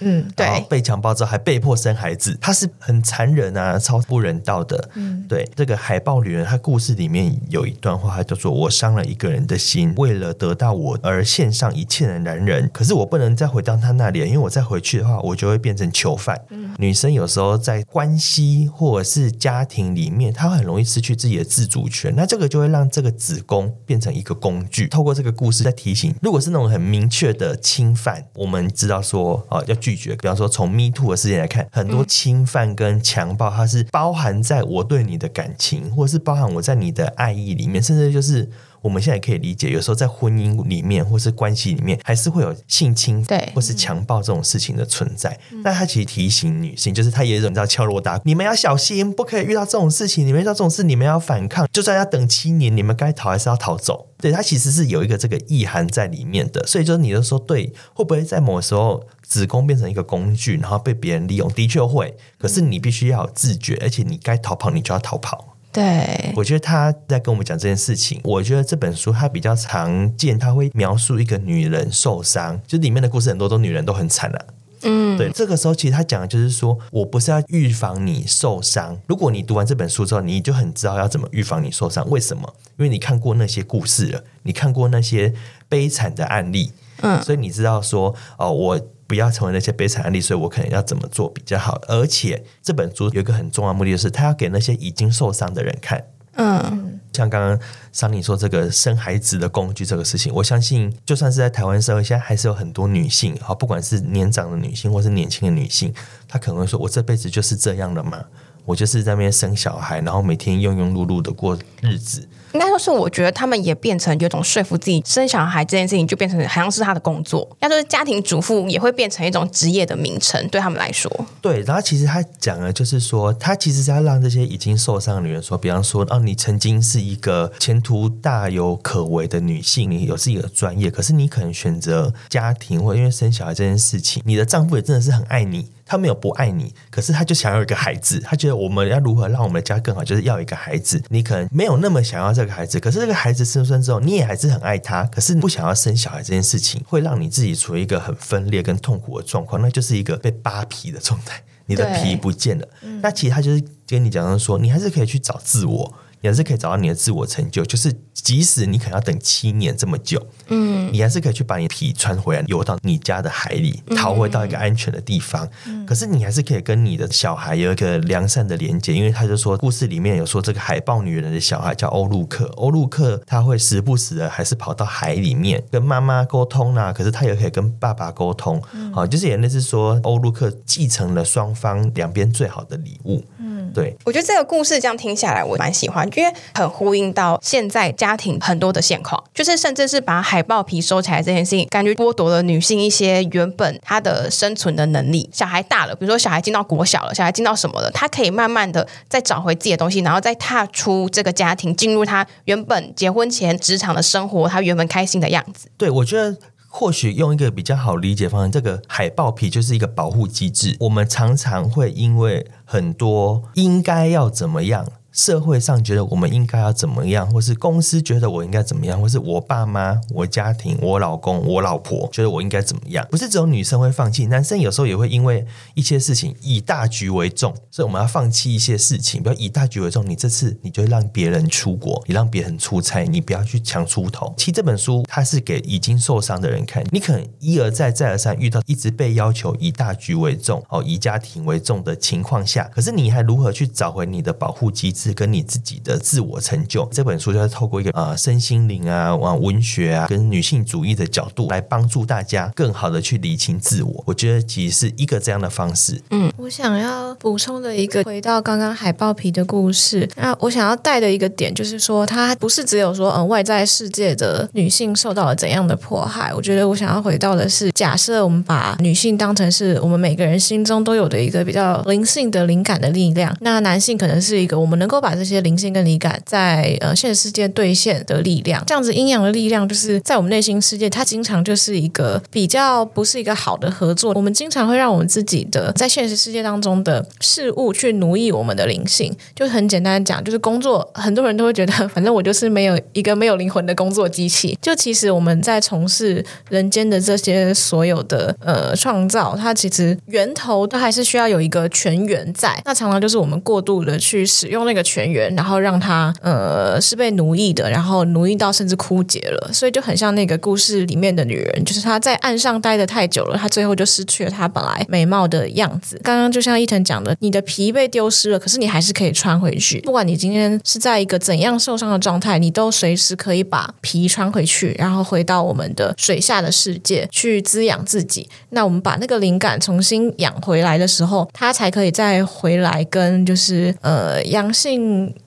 嗯，對，被強暴之後還被迫生孩子，他是很殘忍啊，超不人道的。嗯，對，這個海豹女人，她故事裡面有一段話，她叫做“我傷了一個人的心，為了得到我而獻上一切的男人，可是我不能再回到他那裡，因為我再回去的話，我就會變成囚犯。”嗯，女生有時候在關係或者是家庭裡面，她很容易失去自己的自主權，那這個就會讓這個子宮變成一個工具。透過這個故事在提醒，如果是那種很明確的侵犯，我們知道說啊，要。拒絕，比方說從 Me Too 的事件來看，很多侵犯跟強暴，它是包含在我對你的感情，或者是包含我在你的愛意裡面，甚至就是。我們現在可以理解，有時候在婚姻裡面或是關係裡面，還是會有性侵對或是強暴這種事情的存在。那、嗯、他其實提醒女性，就是他也有你知道敲鑼打鼓，你們要小心，不可以遇到這種事情。你們遇到這種事，你們要反抗。就算要等七年，你們該逃還是要逃走。對，他其實是有一個這個意涵在裡面的。所以就是你就說，對，會不會在某時候子宮變成一個工具，然後被別人利用？的確會，可是你必須要有自覺，而且你該逃跑，你就要逃跑。對，我覺得他在跟我們講這件事情。我覺得這本書它比較常見，它會描述一個女人受傷，就裡面的故事很多都女人都很慘了啊。嗯，對，這個時候其實他講的就是說我不是要預防你受傷。如果你讀完這本書之後，你就很知道要怎麼預防你受傷。為什麼？因為你看過那些故事了，你看過那些悲慘的案例，嗯，所以你知道說，哦，我。不要成為那些悲慘案例，所以我可能要怎麼做比較好。而且這本書有一個很重要的目的，就是，是他要給那些已經受傷的人看。嗯，像剛剛 Sunny 說這個生孩子的工具這個事情，我相信就算是在台灣社會，現在還是有很多女性，好，不管是年長的女性或是年輕的女性，她可能會說：“我這輩子就是這樣了嘛，我就是在那邊生小孩，然後每天庸庸碌碌的過日子。”應該說是，我覺得他們也變成有種說服自己生小孩這件事情，就變成好像是他的工作。要說是家庭主婦，也會變成一種職業的名稱，對他們來說。對，然後其實他講的就是說，他其實是要讓這些已經受傷的女人說，比方說，啊，你曾經是一個前途大有可為的女性，你有自己的專業，可是你可能選擇家庭，或因為生小孩這件事情，你的丈夫也真的是很愛你。他沒有不愛你，可是他就想要一個孩子。他覺得我們要如何讓我們的家更好，就是要一個孩子。你可能沒有那麼想要這個孩子，可是這個孩子生出生之後，你也還是很愛他。可是不想要生小孩這件事情，會讓你自己處於一個很分裂跟痛苦的狀況，那就是一個被扒皮的狀態，你的皮不見了。對那其實他就是跟你講到說，你還是可以去找自我，你還是可以找到你的自我成就。就是即使你可能要等七年這麼久。嗯，你還是可以去把你的皮穿回來，游到你家的海裡，逃回到一個安全的地方。嗯嗯、可是你還是可以跟你的小孩有一個良善的連接，嗯、因為他就說故事裡面有說，這個海豹女人的小孩叫歐陸克，歐陸克他會時不時的還是跑到海裡面跟媽媽溝通啊。可是他也可以跟爸爸溝通，好、嗯哦，就是也類似說歐陸克繼承了雙方兩邊最好的禮物。嗯，對，我覺得這個故事這樣聽下來，我蠻喜歡，因為很呼應到現在家庭很多的現況，就是甚至是把海。海豹皮收起來這件事情，感覺剝奪了女性一些原本她的生存的能力。小孩大了，比如說小孩進到國小了，小孩進到什麼了，她可以慢慢的再找回自己的東西，然後再踏出這個家庭，進入她原本結婚前職場的生活，她原本開心的樣子。對，我覺得或許用一個比較好理解的方式，這個海豹皮就是一個保護機制。我們常常會因為很多應該要怎麼樣。社會上覺得我們應該要怎麼樣，或是公司覺得我應該怎麼樣，或是我爸媽、我家庭、我老公、我老婆覺得我應該怎麼樣。不是只有女生會放棄，男生有時候也會因為一些事情以大局為重，所以我們要放棄一些事情。不要以大局為重，你這次你就會讓別人出國，你讓別人出差，你不要去強出頭。其實這本書它是給已經受傷的人看，你可能一而再、再而三遇到一直被要求以大局為重、哦以家庭為重的情況下，可是你還如何去找回你的保護機制？跟你自己的自我成就，這本書就是透過一個啊、呃、身心靈啊，往文學啊，跟女性主義的角度來幫助大家更好的去理清自我。我覺得其實是一個這樣的方式。嗯，我想要補充的一個，回到剛剛海豹皮的故事，那我想要帶的一個點就是說，它不是只有說，嗯，外在世界的女性受到了怎樣的迫害。我覺得我想要回到的是，假設我們把女性當成是我們每個人心中都有的一個比較靈性的靈感的力量，那男性可能是一個我們能夠。都把這些靈性跟靈感在呃現實世界兌現的力量，這樣子陰陽的力量，就是在我們內心世界，它經常就是一個比較不是一個好的合作。我們經常會讓我們自己的在現實世界當中的事物去奴役我們的靈性。就很簡單的講，就是工作，很多人都會覺得，反正我就是沒有一個沒有靈魂的工作機器。就其實我們在從事人間的這些所有的呃創造，它其實源頭它還是需要有一個泉源在。那常常就是我們過度的去使用那個。全員，然後讓他呃是被奴役的，然後奴役到甚至枯竭了，所以就很像那個故事裡面的女人，就是她在岸上待的太久了，她最後就失去了她本來美貌的樣子。剛剛就像一騰講的，你的皮被丟失了，可是你還是可以穿回去，不管你今天是在一個怎樣受傷的狀態，你都隨時可以把皮穿回去，然後回到我們的水下的世界去滋養自己。那我們把那個靈感重新養回來的時候，她才可以再回來跟就是呃陽性，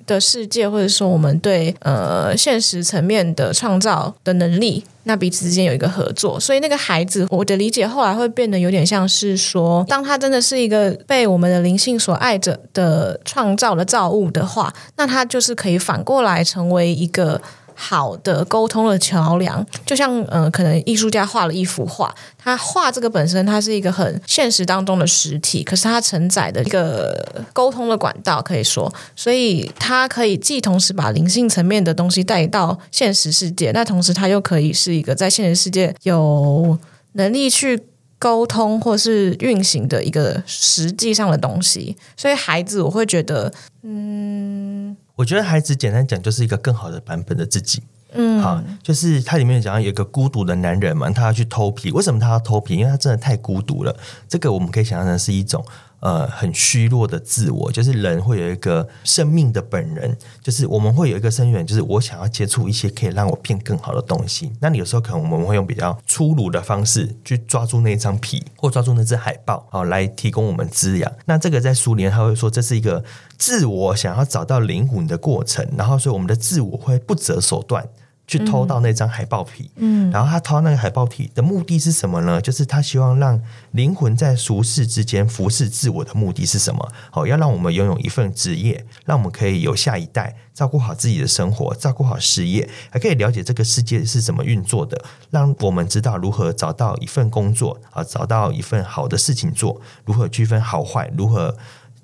的世界，或者說我們對呃現實層面的創造的能力，那彼此之間有一個合作。所以那個孩子，我的理解後來會變得有點像是說，當他真的是一個被我們的靈性所愛着的創造的造物的話，那他就是可以反過來成為一個。好的溝通的橋樑，就像呃，可能藝術家畫了一幅畫，他畫這個本身，它是一個很現實當中的實體，可是它承載的一個溝通的管道，可以說，所以它可以既同時把靈性層面的東西帶到現實世界，那同時它又可以是一個在現實世界有能力去溝通或是運行的一個實際上的東西。所以孩子，我會覺得，嗯。我覺得孩子簡單講就是一個更好的版本的自己，嗯，啊，就是他裡面講有一個孤獨的男人嘛，他要去偷皮，為什麼他要偷皮？因為他真的太孤獨了。這個我們可以想象成是一種。呃，很虛弱的自我，就是人會有一個生命的本能，就是我們會有一個深遠，就是我想要接觸一些可以讓我變更好的東西。那你有時候可能我們會用比較粗魯的方式去抓住那一張皮，或抓住那隻海豹啊、哦，來提供我們滋養。那這個在蘇聯他會說這是一個自我想要找到靈魂的過程，然後所以我們的自我會不擇手段，去偷到那張海豹皮，嗯、然後他偷那個海豹皮的目的是什麼呢？就是他希望讓靈魂在俗世之間服侍自我的目的是什麼？好、哦，要讓我們擁有一份職業，讓我們可以有下一代，照顧好自己的生活，照顧好事業，還可以了解這個世界是怎麼運作的，讓我們知道如何找到一份工作啊，找到一份好的事情做，如何區分好壞，如何。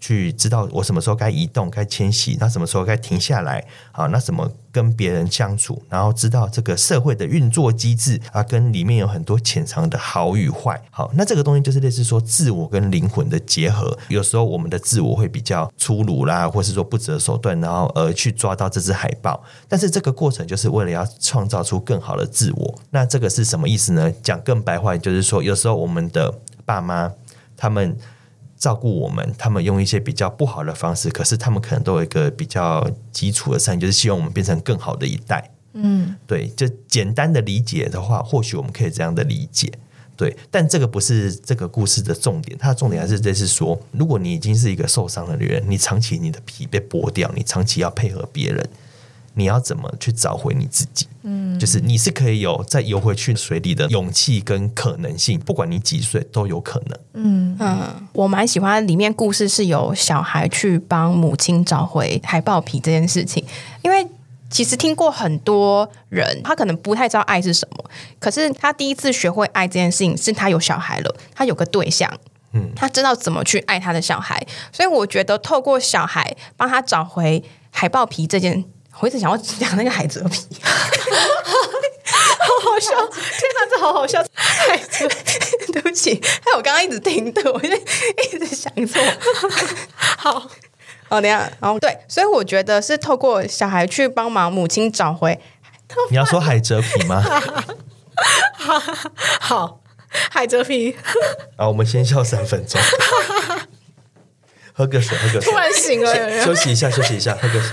去知道我什麼時候該移動、該遷徙，那什麼時候該停下來？好，那怎麼跟別人相處？然後知道這個社會的運作機制啊，跟裡面有很多潛藏的好與壞。好，那這個東西就是類似說自我跟靈魂的結合。有時候我們的自我會比較粗魯啦，或是說不擇手段，然後而、呃、去抓到這隻海豹。但是這個過程就是為了要創造出更好的自我。那這個是什麼意思呢？講更白話，就是說有時候我們的爸媽他們。照顧我們，他們用一些比較不好的方式，可是他們可能都有一個比較基礎的善，就是希望我們變成更好的一代。嗯，對，就簡單的理解的話，或許我們可以這樣的理解。對，但這個不是這個故事的重點，它的重點還是就是說，如果你已經是一個受傷的女人，你長期你的皮被剝掉，你長期要配合別人。你要怎麼去找回你自己？嗯，就是你是可以有再游回去水裡的勇氣跟可能性，不管你幾歲都有可能。嗯嗯，啊，我蠻喜歡裡面故事是有小孩去幫母親找回海豹皮這件事情，因為其實聽過很多人，他可能不太知道愛是什麼，可是他第一次學會愛這件事情是他有小孩了，他有個對象，嗯，他知道怎麼去愛他的小孩，所以我覺得透過小孩幫他找回海豹皮這件。我一直想要講那個海蜇皮， 好好笑！蛇天哪，這好好笑！海蜇蛇，對不起，哎，我剛剛一直聽到，我一一直想說 好哦，哦，等下，然後對，所以我覺得是透過小孩去幫忙母親找回。你要說海蜇皮嗎？ 啊，好，好海蜇皮。好， 啊，我們先笑三分鐘。喝個水，喝個水。突然醒了，休息， 休息一下，休息一下，喝個水。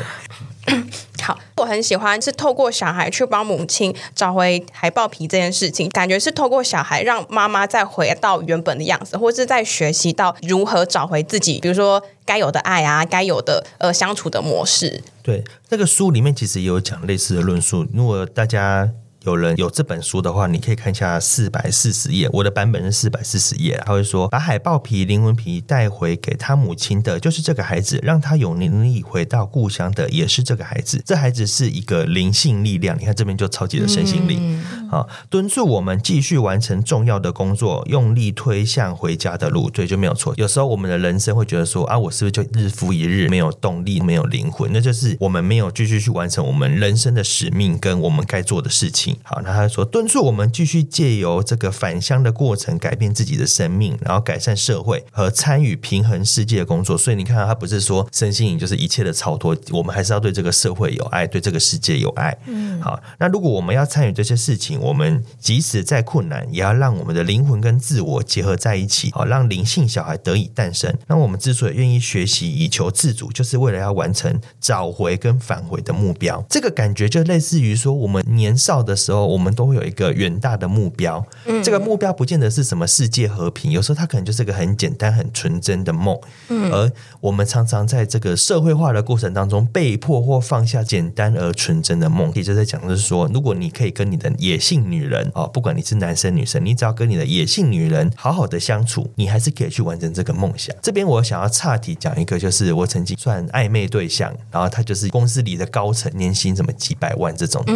好，我很喜歡是透過小孩去幫母親找回海豹皮這件事情，感覺是透過小孩讓媽媽再回到原本的樣子，或是再學習到如何找回自己，比如說該有的愛啊，該有的呃相處的模式。對，這、那個書裡面其實也有講類似的論述。如果大家。有人有這本書的話，你可以看一下四百四十頁，我的版本是四百四十頁。他會說，把海豹皮、靈魂皮帶回給他母親的，就是這個孩子，讓他有能力回到故鄉的，也是這個孩子。這孩子是一個靈性力量，你看這邊就超級的身心靈。嗯、好，敦促我們繼續完成重要的工作，用力推向回家的路，對，就沒有錯。有時候我們的人生會覺得說啊，我是不是就日復一日沒有動力，沒有靈魂？那就是我們沒有繼續去完成我們人生的使命跟我們該做的事情。好，那他說敦促我們繼續借由這個返鄉的過程改變自己的生命，然後改善社會和參與平衡世界的工作。所以你看啊，他不是說身心靈就是一切的超脫，我們還是要對這個社會有愛，對這個世界有愛。嗯，好，那如果我們要參與這些事情，我們即使再困難，也要讓我們的靈魂跟自我結合在一起，好，讓靈性小孩得以誕生。那我們之所以願意學習以求自主，就是為了要完成找回跟返回的目標。這個感覺就類似於說，我們年少的。時候，我們都會有一個遠大的目標。這個目標不見得是什麼世界和平，有時候它可能就是一個很簡單、很純真的夢。嗯，而我們常常在這個社會化的過程當中，被迫或放下簡單而純真的夢。也就是在講的是說，如果你可以跟你的野性女人哦，不管你是男生女生，你只要跟你的野性女人好好的相處，你還是可以去完成這個夢想。這邊我想要岔題講一個，就是我曾經算曖昧對象，然後他就是公司裡的高層，年薪什麼幾百萬這種的，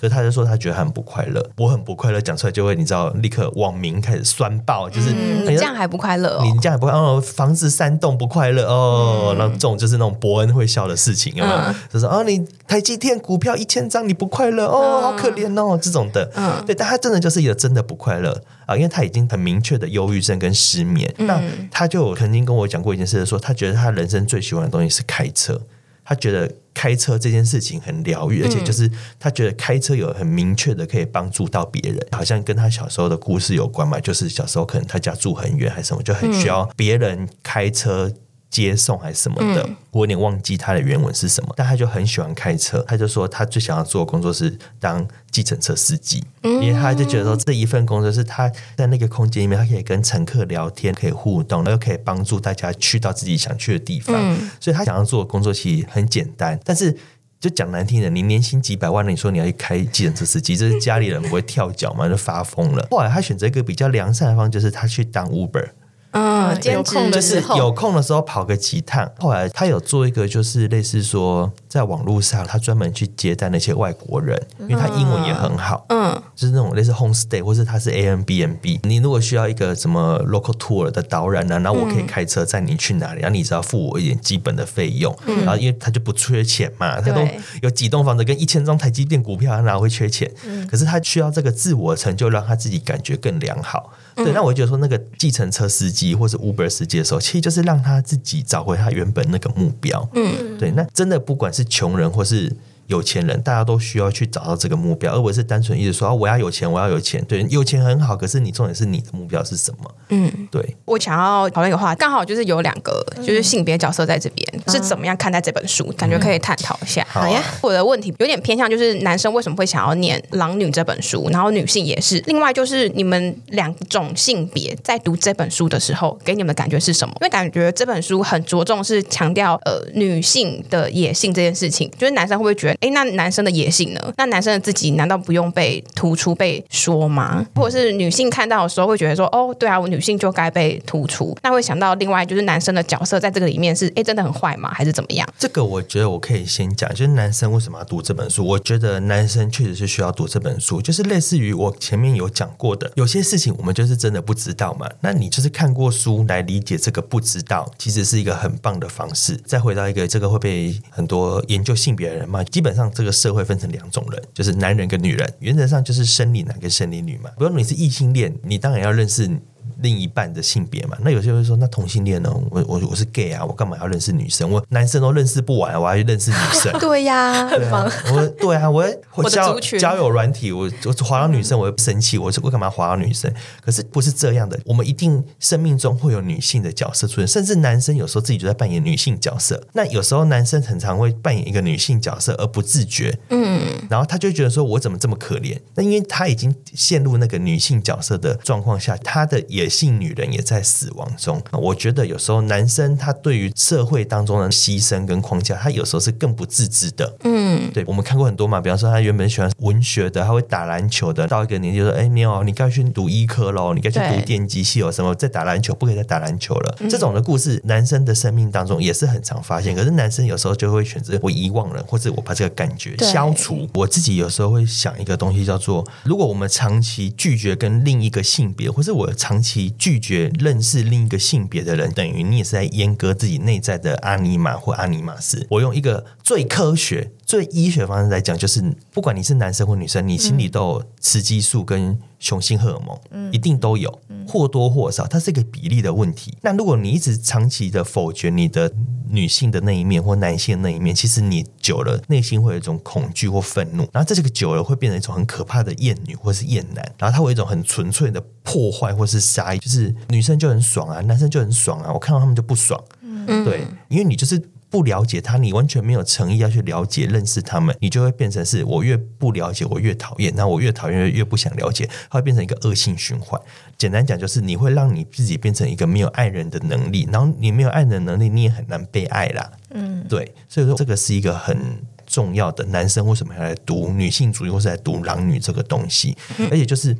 可是他就說他覺得他很不快樂，我很不快樂，講出來就會你知道，立刻網民開始酸爆，嗯、就是這、哦、你這樣還不快樂，你這樣還不快樂哦，房子三棟不快樂哦，那、嗯、這種就是那種博恩會笑的事情，有沒有？嗯、就說哦，你台積電股票一千張你不快樂哦，嗯、好可憐哦，這種的，嗯、對，但他真的就是一個真的不快樂啊、呃，因為他已經很明確的憂鬱症跟失眠，嗯、那他就曾經跟我講過一件事是說，說他覺得他人生最喜歡的東西是開車。他覺得開車這件事情很療癒，嗯、而且就是他覺得開車有很明確的可以幫助到別人，好像跟他小時候的故事有關嘛，就是小時候可能他家住很遠還是什麼，就很需要別人開車。接送還是什麼的，我有點忘記他的原文是什麼。嗯、但他就很喜歡開車，他就說他最想要做的工作是當計程車司機，嗯、因為他就覺得說這一份工作是他在那個空間裡面，他可以跟乘客聊天，可以互動，又可以幫助大家去到自己想去的地方。嗯、所以他想要做的工作其實很簡單，但是就講難聽的，你年薪幾百萬，那你說你要去開計程車司機，就是家裡人不會跳腳嘛， 就發瘋了。後來他選擇一個比較良善的方就是他去當 Uber。嗯，有空就是有空的時候跑個幾趟。後來他有做一個，就是類似說，在網絡上他專門去接待那些外國人，嗯、因為他英文也很好。嗯，就是那種類似 Home Stay 或者他是 A M B N B，B，嗯、你如果需要一個什麼 Local Tour 的導覽呢，啊，然後我可以開車載你去哪裡，然後你只要付我一點基本的費用。嗯、然後因為他就不缺錢嘛，嗯、他都有幾棟房子跟一千張台積電股票，啊，他哪會缺錢？嗯、可是他需要這個自我成就，讓他自己感覺更良好。對，那我就覺得說那個計程車司機或是 Uber 司機的時候，其實就是讓他自己找回他原本那個目標。嗯，對，那真的不管是窮人或是。有錢人，大家都需要去找到這個目標，而不是單純一直說我要有錢，我要有錢。對，有錢很好，可是你重點是你的目標是什麼？嗯，對。我想要討論一個話題，剛好就是有兩個，就是性別角色在這邊、嗯、是怎麼樣看待這本書？感覺可以探討一下，嗯、好啊、好呀。我的問題有點偏向，就是男生為什麼會想要念《狼女》這本書，然後女性也是。另外就是你們兩種性別在讀這本書的時候，給你們的感覺是什麼？因為感覺這本書很着重是強調呃女性的野性這件事情，就是男生會不會覺得？哎，那男生的野性呢？那男生的自己難道不用被突出被說嗎？或者是女性看到的時候會覺得說，哦，對啊，我女性就該被突出？那會想到另外就是男生的角色在這個裡面是哎，真的很壞嗎？還是怎麼樣？這個我覺得我可以先講，就是男生為什麼要讀這本書？我覺得男生確實是需要讀這本書，就是類似於我前面有講過的，有些事情我們就是真的不知道嘛。那你就是看過書來理解這個不知道，其實是一個很棒的方式。再回到一個，這個會被很多研究性別的人嘛，基。基本上，這個社會分成兩種人，就是男人跟女人，原則上就是生理男跟生理女嘛。不論你是異性戀，你當然要認識。另一半的性別嘛。那有些人會說，那同性戀呢？我我我是 gay 啊，我幹嘛要認識女生？我男生都認識不完，我還去認識女生？對呀，很煩。我對啊，我交交友軟體，我我滑到女生，嗯、我也不生氣，我是我幹嘛滑到女生？可是不是這樣的，我們一定生命中會有女性的角色出現，甚至男生有時候自己就在扮演女性角色。那有時候男生很常會扮演一個女性角色而不自覺，嗯，然後他就覺得說，我怎麼這麼可憐？那因為他已經陷入那個女性角色的狀況下，他的也性女人也在死亡中，我覺得有時候男生他對於社會當中的犧牲跟框架，他有時候是更不自知的。嗯，對，我們看過很多嘛，比方說他原本喜歡文學的，他會打籃球的，到一個年紀說、就是：“哎，你好，你該去讀醫科嘍，你該去讀電機系哦。”什麼？對再打籃球，不可以再打籃球了。嗯、這種的故事，男生的生命當中也是很常發現。可是男生有時候就會選擇我遺忘了，或者我把這個感覺消除。對我自己有時候會想一個東西叫做：如果我們長期拒絕跟另一個性別，或者我長期你拒絕認識另一個性別的人，等於你也是在閹割自己內在的阿尼瑪或阿尼瑪斯。我用一個最科學、最醫學方式來講，就是不管你是男生或女生，你心裡都有雌激素跟雄性荷爾蒙，嗯，一定都有，或多或少，它是一個比例的問題。那如果你一直長期的否決你的。女性的那一面或男性的那一面，其實你久了內心會有一種恐懼或憤怒，然後這個久了會變成一種很可怕的厭女或是厭男，然後他會有一種很純粹的破壞或是殺意，就是女生就很爽啊，男生就很爽啊，我看到他們就不爽，嗯、對，因為你就是。不了解他，你完全沒有誠意要去了解、認識他們，你就會變成是我越不了解，我越討厭，那我越討厭，越不想了解，它會變成一個惡性循環。簡單講，就是你會讓你自己變成一個沒有愛人的能力，然後你沒有愛人的能力，你也很難被愛啦。嗯，對，所以說這個是一個很重要的。男生為什麼要來讀女性主義，或是來讀狼女這個東西？嗯，而且就是。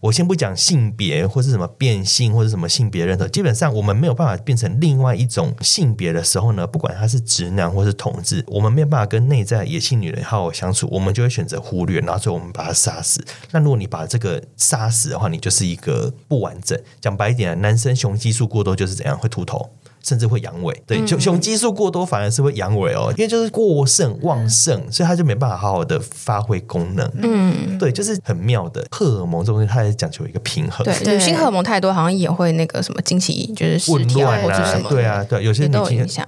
我先不講性別或者什麼變性或者什麼性別認同，基本上我們沒有辦法變成另外一種性別的時候呢，不管他是直男或是同志，我們沒有辦法跟內在野性女人好好相處，我們就會選擇忽略，然後所以我們把他殺死。那如果你把這個殺死的話，你就是一個不完整。講白一點啊，男生雄激素過多就是怎樣？會禿頭。甚至會陽痿，對、嗯、雄雄激素過多反而是會陽痿哦，因為就是過盛旺盛，嗯、所以它就沒辦法好好的發揮功能。嗯，對，就是很妙的荷爾蒙這種東西，它也講求一個平衡。對，女性對荷爾蒙太多，好像也會那個什麼經期就是紊亂啊，對啊，對，有些都影響，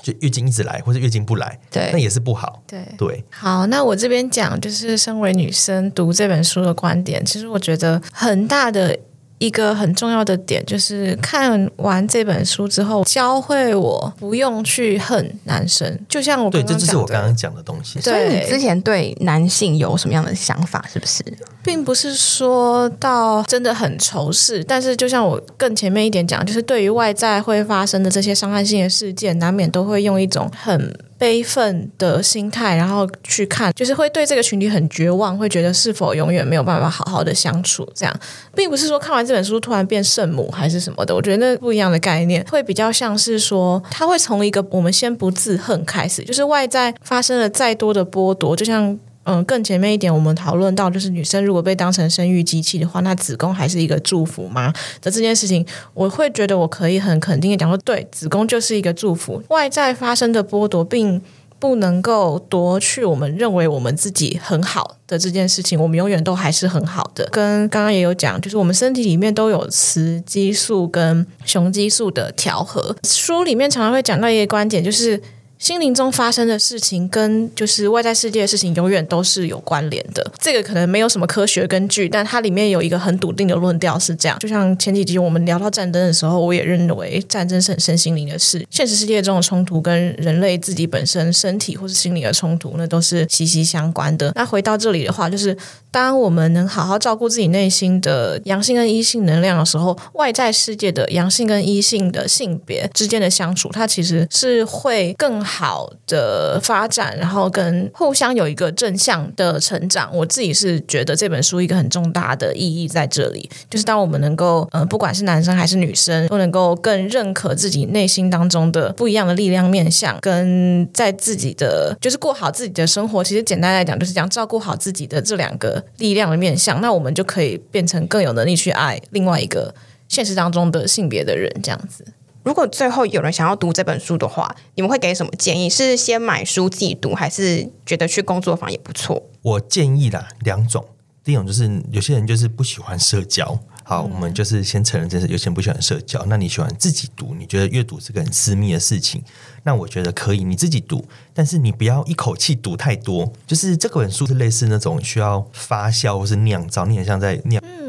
就月經一直來或者月經不來，對，那也是不好。對對，好，那我這邊講就是身為女生讀這本書的觀點，其實我覺得很大的。一個很重要的點就是，看完這本書之後，教會我不用去恨男生。就像我剛剛講的，對，這是我剛剛講的東西。對所以你之前對男性有什麼樣的想法？是不是，並不是說到真的很仇視。但是，就像我更前面一點講，就是對於外在會發生的這些傷害性的事件，難免都會用一種很。悲憤的心態，然後去看，就是會對這個群體很絕望，會覺得是否永遠沒有辦法好好的相處，這樣。並不是說看完這本書突然變聖母還是什麼的，我覺得那不一樣的概念，會比較像是說，他會從一個我們先不自恨開始，就是外在發生了再多的剝奪，就像。嗯，更前面一點，我們討論到就是女生如果被當成生育機器的話，那子宮還是一個祝福嗎？這這件事情，我會覺得我可以很肯定地講說，對，子宮就是一個祝福。外在發生的剝奪，並不能夠奪去我們認為我們自己很好的這件事情，我們永遠都還是很好的。跟剛剛也有講，就是我們身體裡面都有雌激素跟雄激素的調和。書裡面常常會講到一個觀點，就是。心靈中發生的事情跟就是外在世界的事情永遠都是有關聯的。這個可能沒有什麼科學根據，但它裡面有一個很篤定的論調是這樣。就像前幾集我們聊到戰爭的時候，我也認為戰爭是很身心靈的事。現實世界中的衝突跟人類自己本身身體或是心理的衝突，那都是息息相關的。那回到這裡的話，就是當我們能好好照顧自己內心的陽性跟陰性能量的時候，外在世界的陽性跟陰性的性別之間的相處，它其實是會更。好的發展，然後跟互相有一個正向的成長。我自己是覺得這本書一個很重大的意義在這裡，就是當我們能夠，嗯、呃，不管是男生還是女生，都能夠更認可自己內心當中的不一樣的力量面向，跟在自己的就是過好自己的生活。其實簡單來講，就是講照顧好自己的這兩個力量的面向，那我們就可以變成更有能力去愛另外一個現實當中的性別的人，這樣子。如果最後有人想要讀這本書的話，你們會給什麼建議？是先買書自己讀，還是覺得去工作坊也不錯？我建議啦，兩種，第一種就是有些人就是不喜歡社交。好，嗯、我們就是先承認這件事，有些人不喜歡社交。那你喜歡自己讀？你覺得閱讀是個很私密的事情？那我覺得可以你自己讀，但是你不要一口氣讀太多。就是這本書是類似那種需要發酵或是釀造，你很像在釀。嗯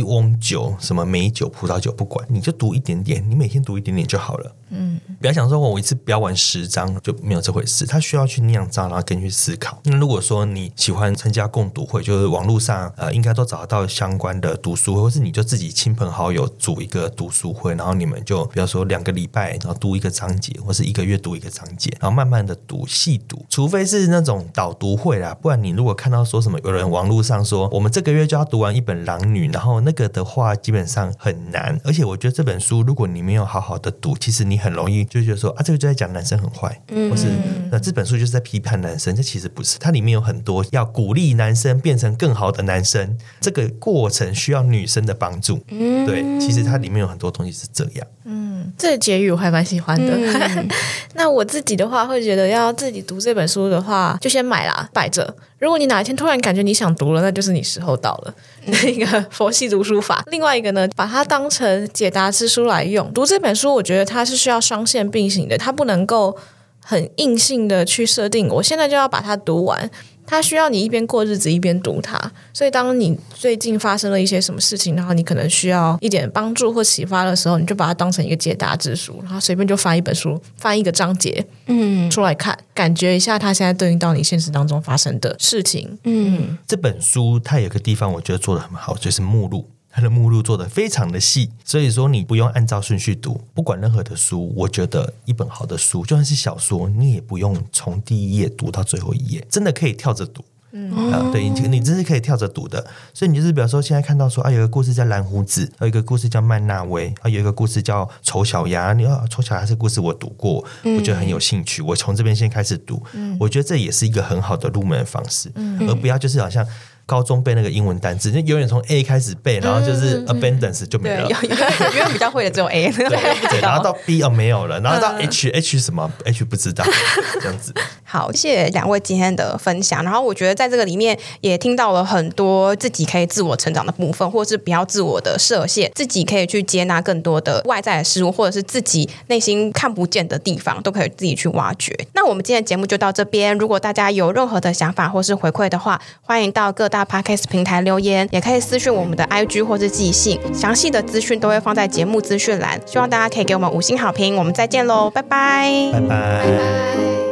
一甕酒，什麼美酒、葡萄酒，不管，你就讀一點點，你每天讀一點點就好了。嗯，不要想說我一次標完十章，就沒有這回事。他需要去釀造，然後跟你去思考。那如果說你喜歡參加共讀會，就是網絡上呃，應該都找得到相關的讀書會，或是你就自己親朋好友組一個讀書會，然後你們就比方說，兩個禮拜然後讀一個章節，或是一個月讀一個章節，然後慢慢的讀、細讀。除非是那種導讀會啦，不然你如果看到說什麼有人網絡上說我們這個月就要讀完一本《狼女》，然後那個的話基本上很難。而且我覺得這本書如果你沒有好好的讀，其實你。很容易就覺得說啊，這個就在講男生很壞，嗯、或是那這本書就是在批判男生，這其實不是，它裡面有很多要鼓勵男生變成更好的男生，這個過程需要女生的幫助。嗯、對，其實它裡面有很多東西是這樣。嗯，這個結語我還蠻喜歡的。嗯、 那我自己的話會覺得，要自己讀這本書的話，就先買啦，擺着。如果你哪一天突然感覺你想讀了，那就是你時候到了。那一個、嗯、 佛系讀書法，另外一個呢，把它當成解答之書來用。讀這本書，我覺得它是需要雙線並行的，它不能夠很硬性的去設定，我現在就要把它讀完。它需要你一邊過日子一邊讀它，所以當你最近發生了一些什麼事情，然後你可能需要一點幫助或啟發的時候，你就把它當成一個解答之書，然後隨便就翻一本書，翻一個章節，嗯，出來看，嗯、感覺一下它現在對應到你現實當中發生的事情。嗯，這本書它有個地方我覺得做得很好，就是目錄。他的目錄做得非常的細，所以說你不用按照順序讀，不管任何的書，我覺得一本好的書，就算是小說，你也不用從第一頁讀到最後一頁，真的可以跳着讀。嗯，哦啊、對你，你真是可以跳着讀的。所以你就是，比如說現在看到說啊，有個故事叫《藍鬍子》，有一個故事叫《曼納威》，啊，有一個故事叫《醜小鴨》。你說啊，醜小鴨這故事我讀過，嗯、我覺得很有興趣。我從這邊先開始讀，嗯、我覺得這也是一個很好的入門的方式，嗯，而不要就是好像。高中背那個英文單詞，就永遠從 A 開始背，然後就是 abundance、嗯、就沒了，因為比較會的只有 A， 對，對，然後到 B 啊，沒有了，然後到 H、嗯、H 什麼 H 不知道這樣子。好，謝謝兩位今天的分享，然後我覺得在這個裡面也聽到了很多自己可以自我成長的部分，或者是比較自我的設限，自己可以去接納更多的外在的事物，或者是自己內心看不見的地方，都可以自己去挖掘。那我們今天的節目就到這邊，如果大家有任何的想法或是回饋的話，歡迎到各大。在 Podcast 平台留言，也可以私訊我們的 IG 或者寄信。詳細的資訊都會放在節目資訊欄。希望大家可以給我們五星好評。我們再見嘍，拜拜，拜拜拜拜，拜拜。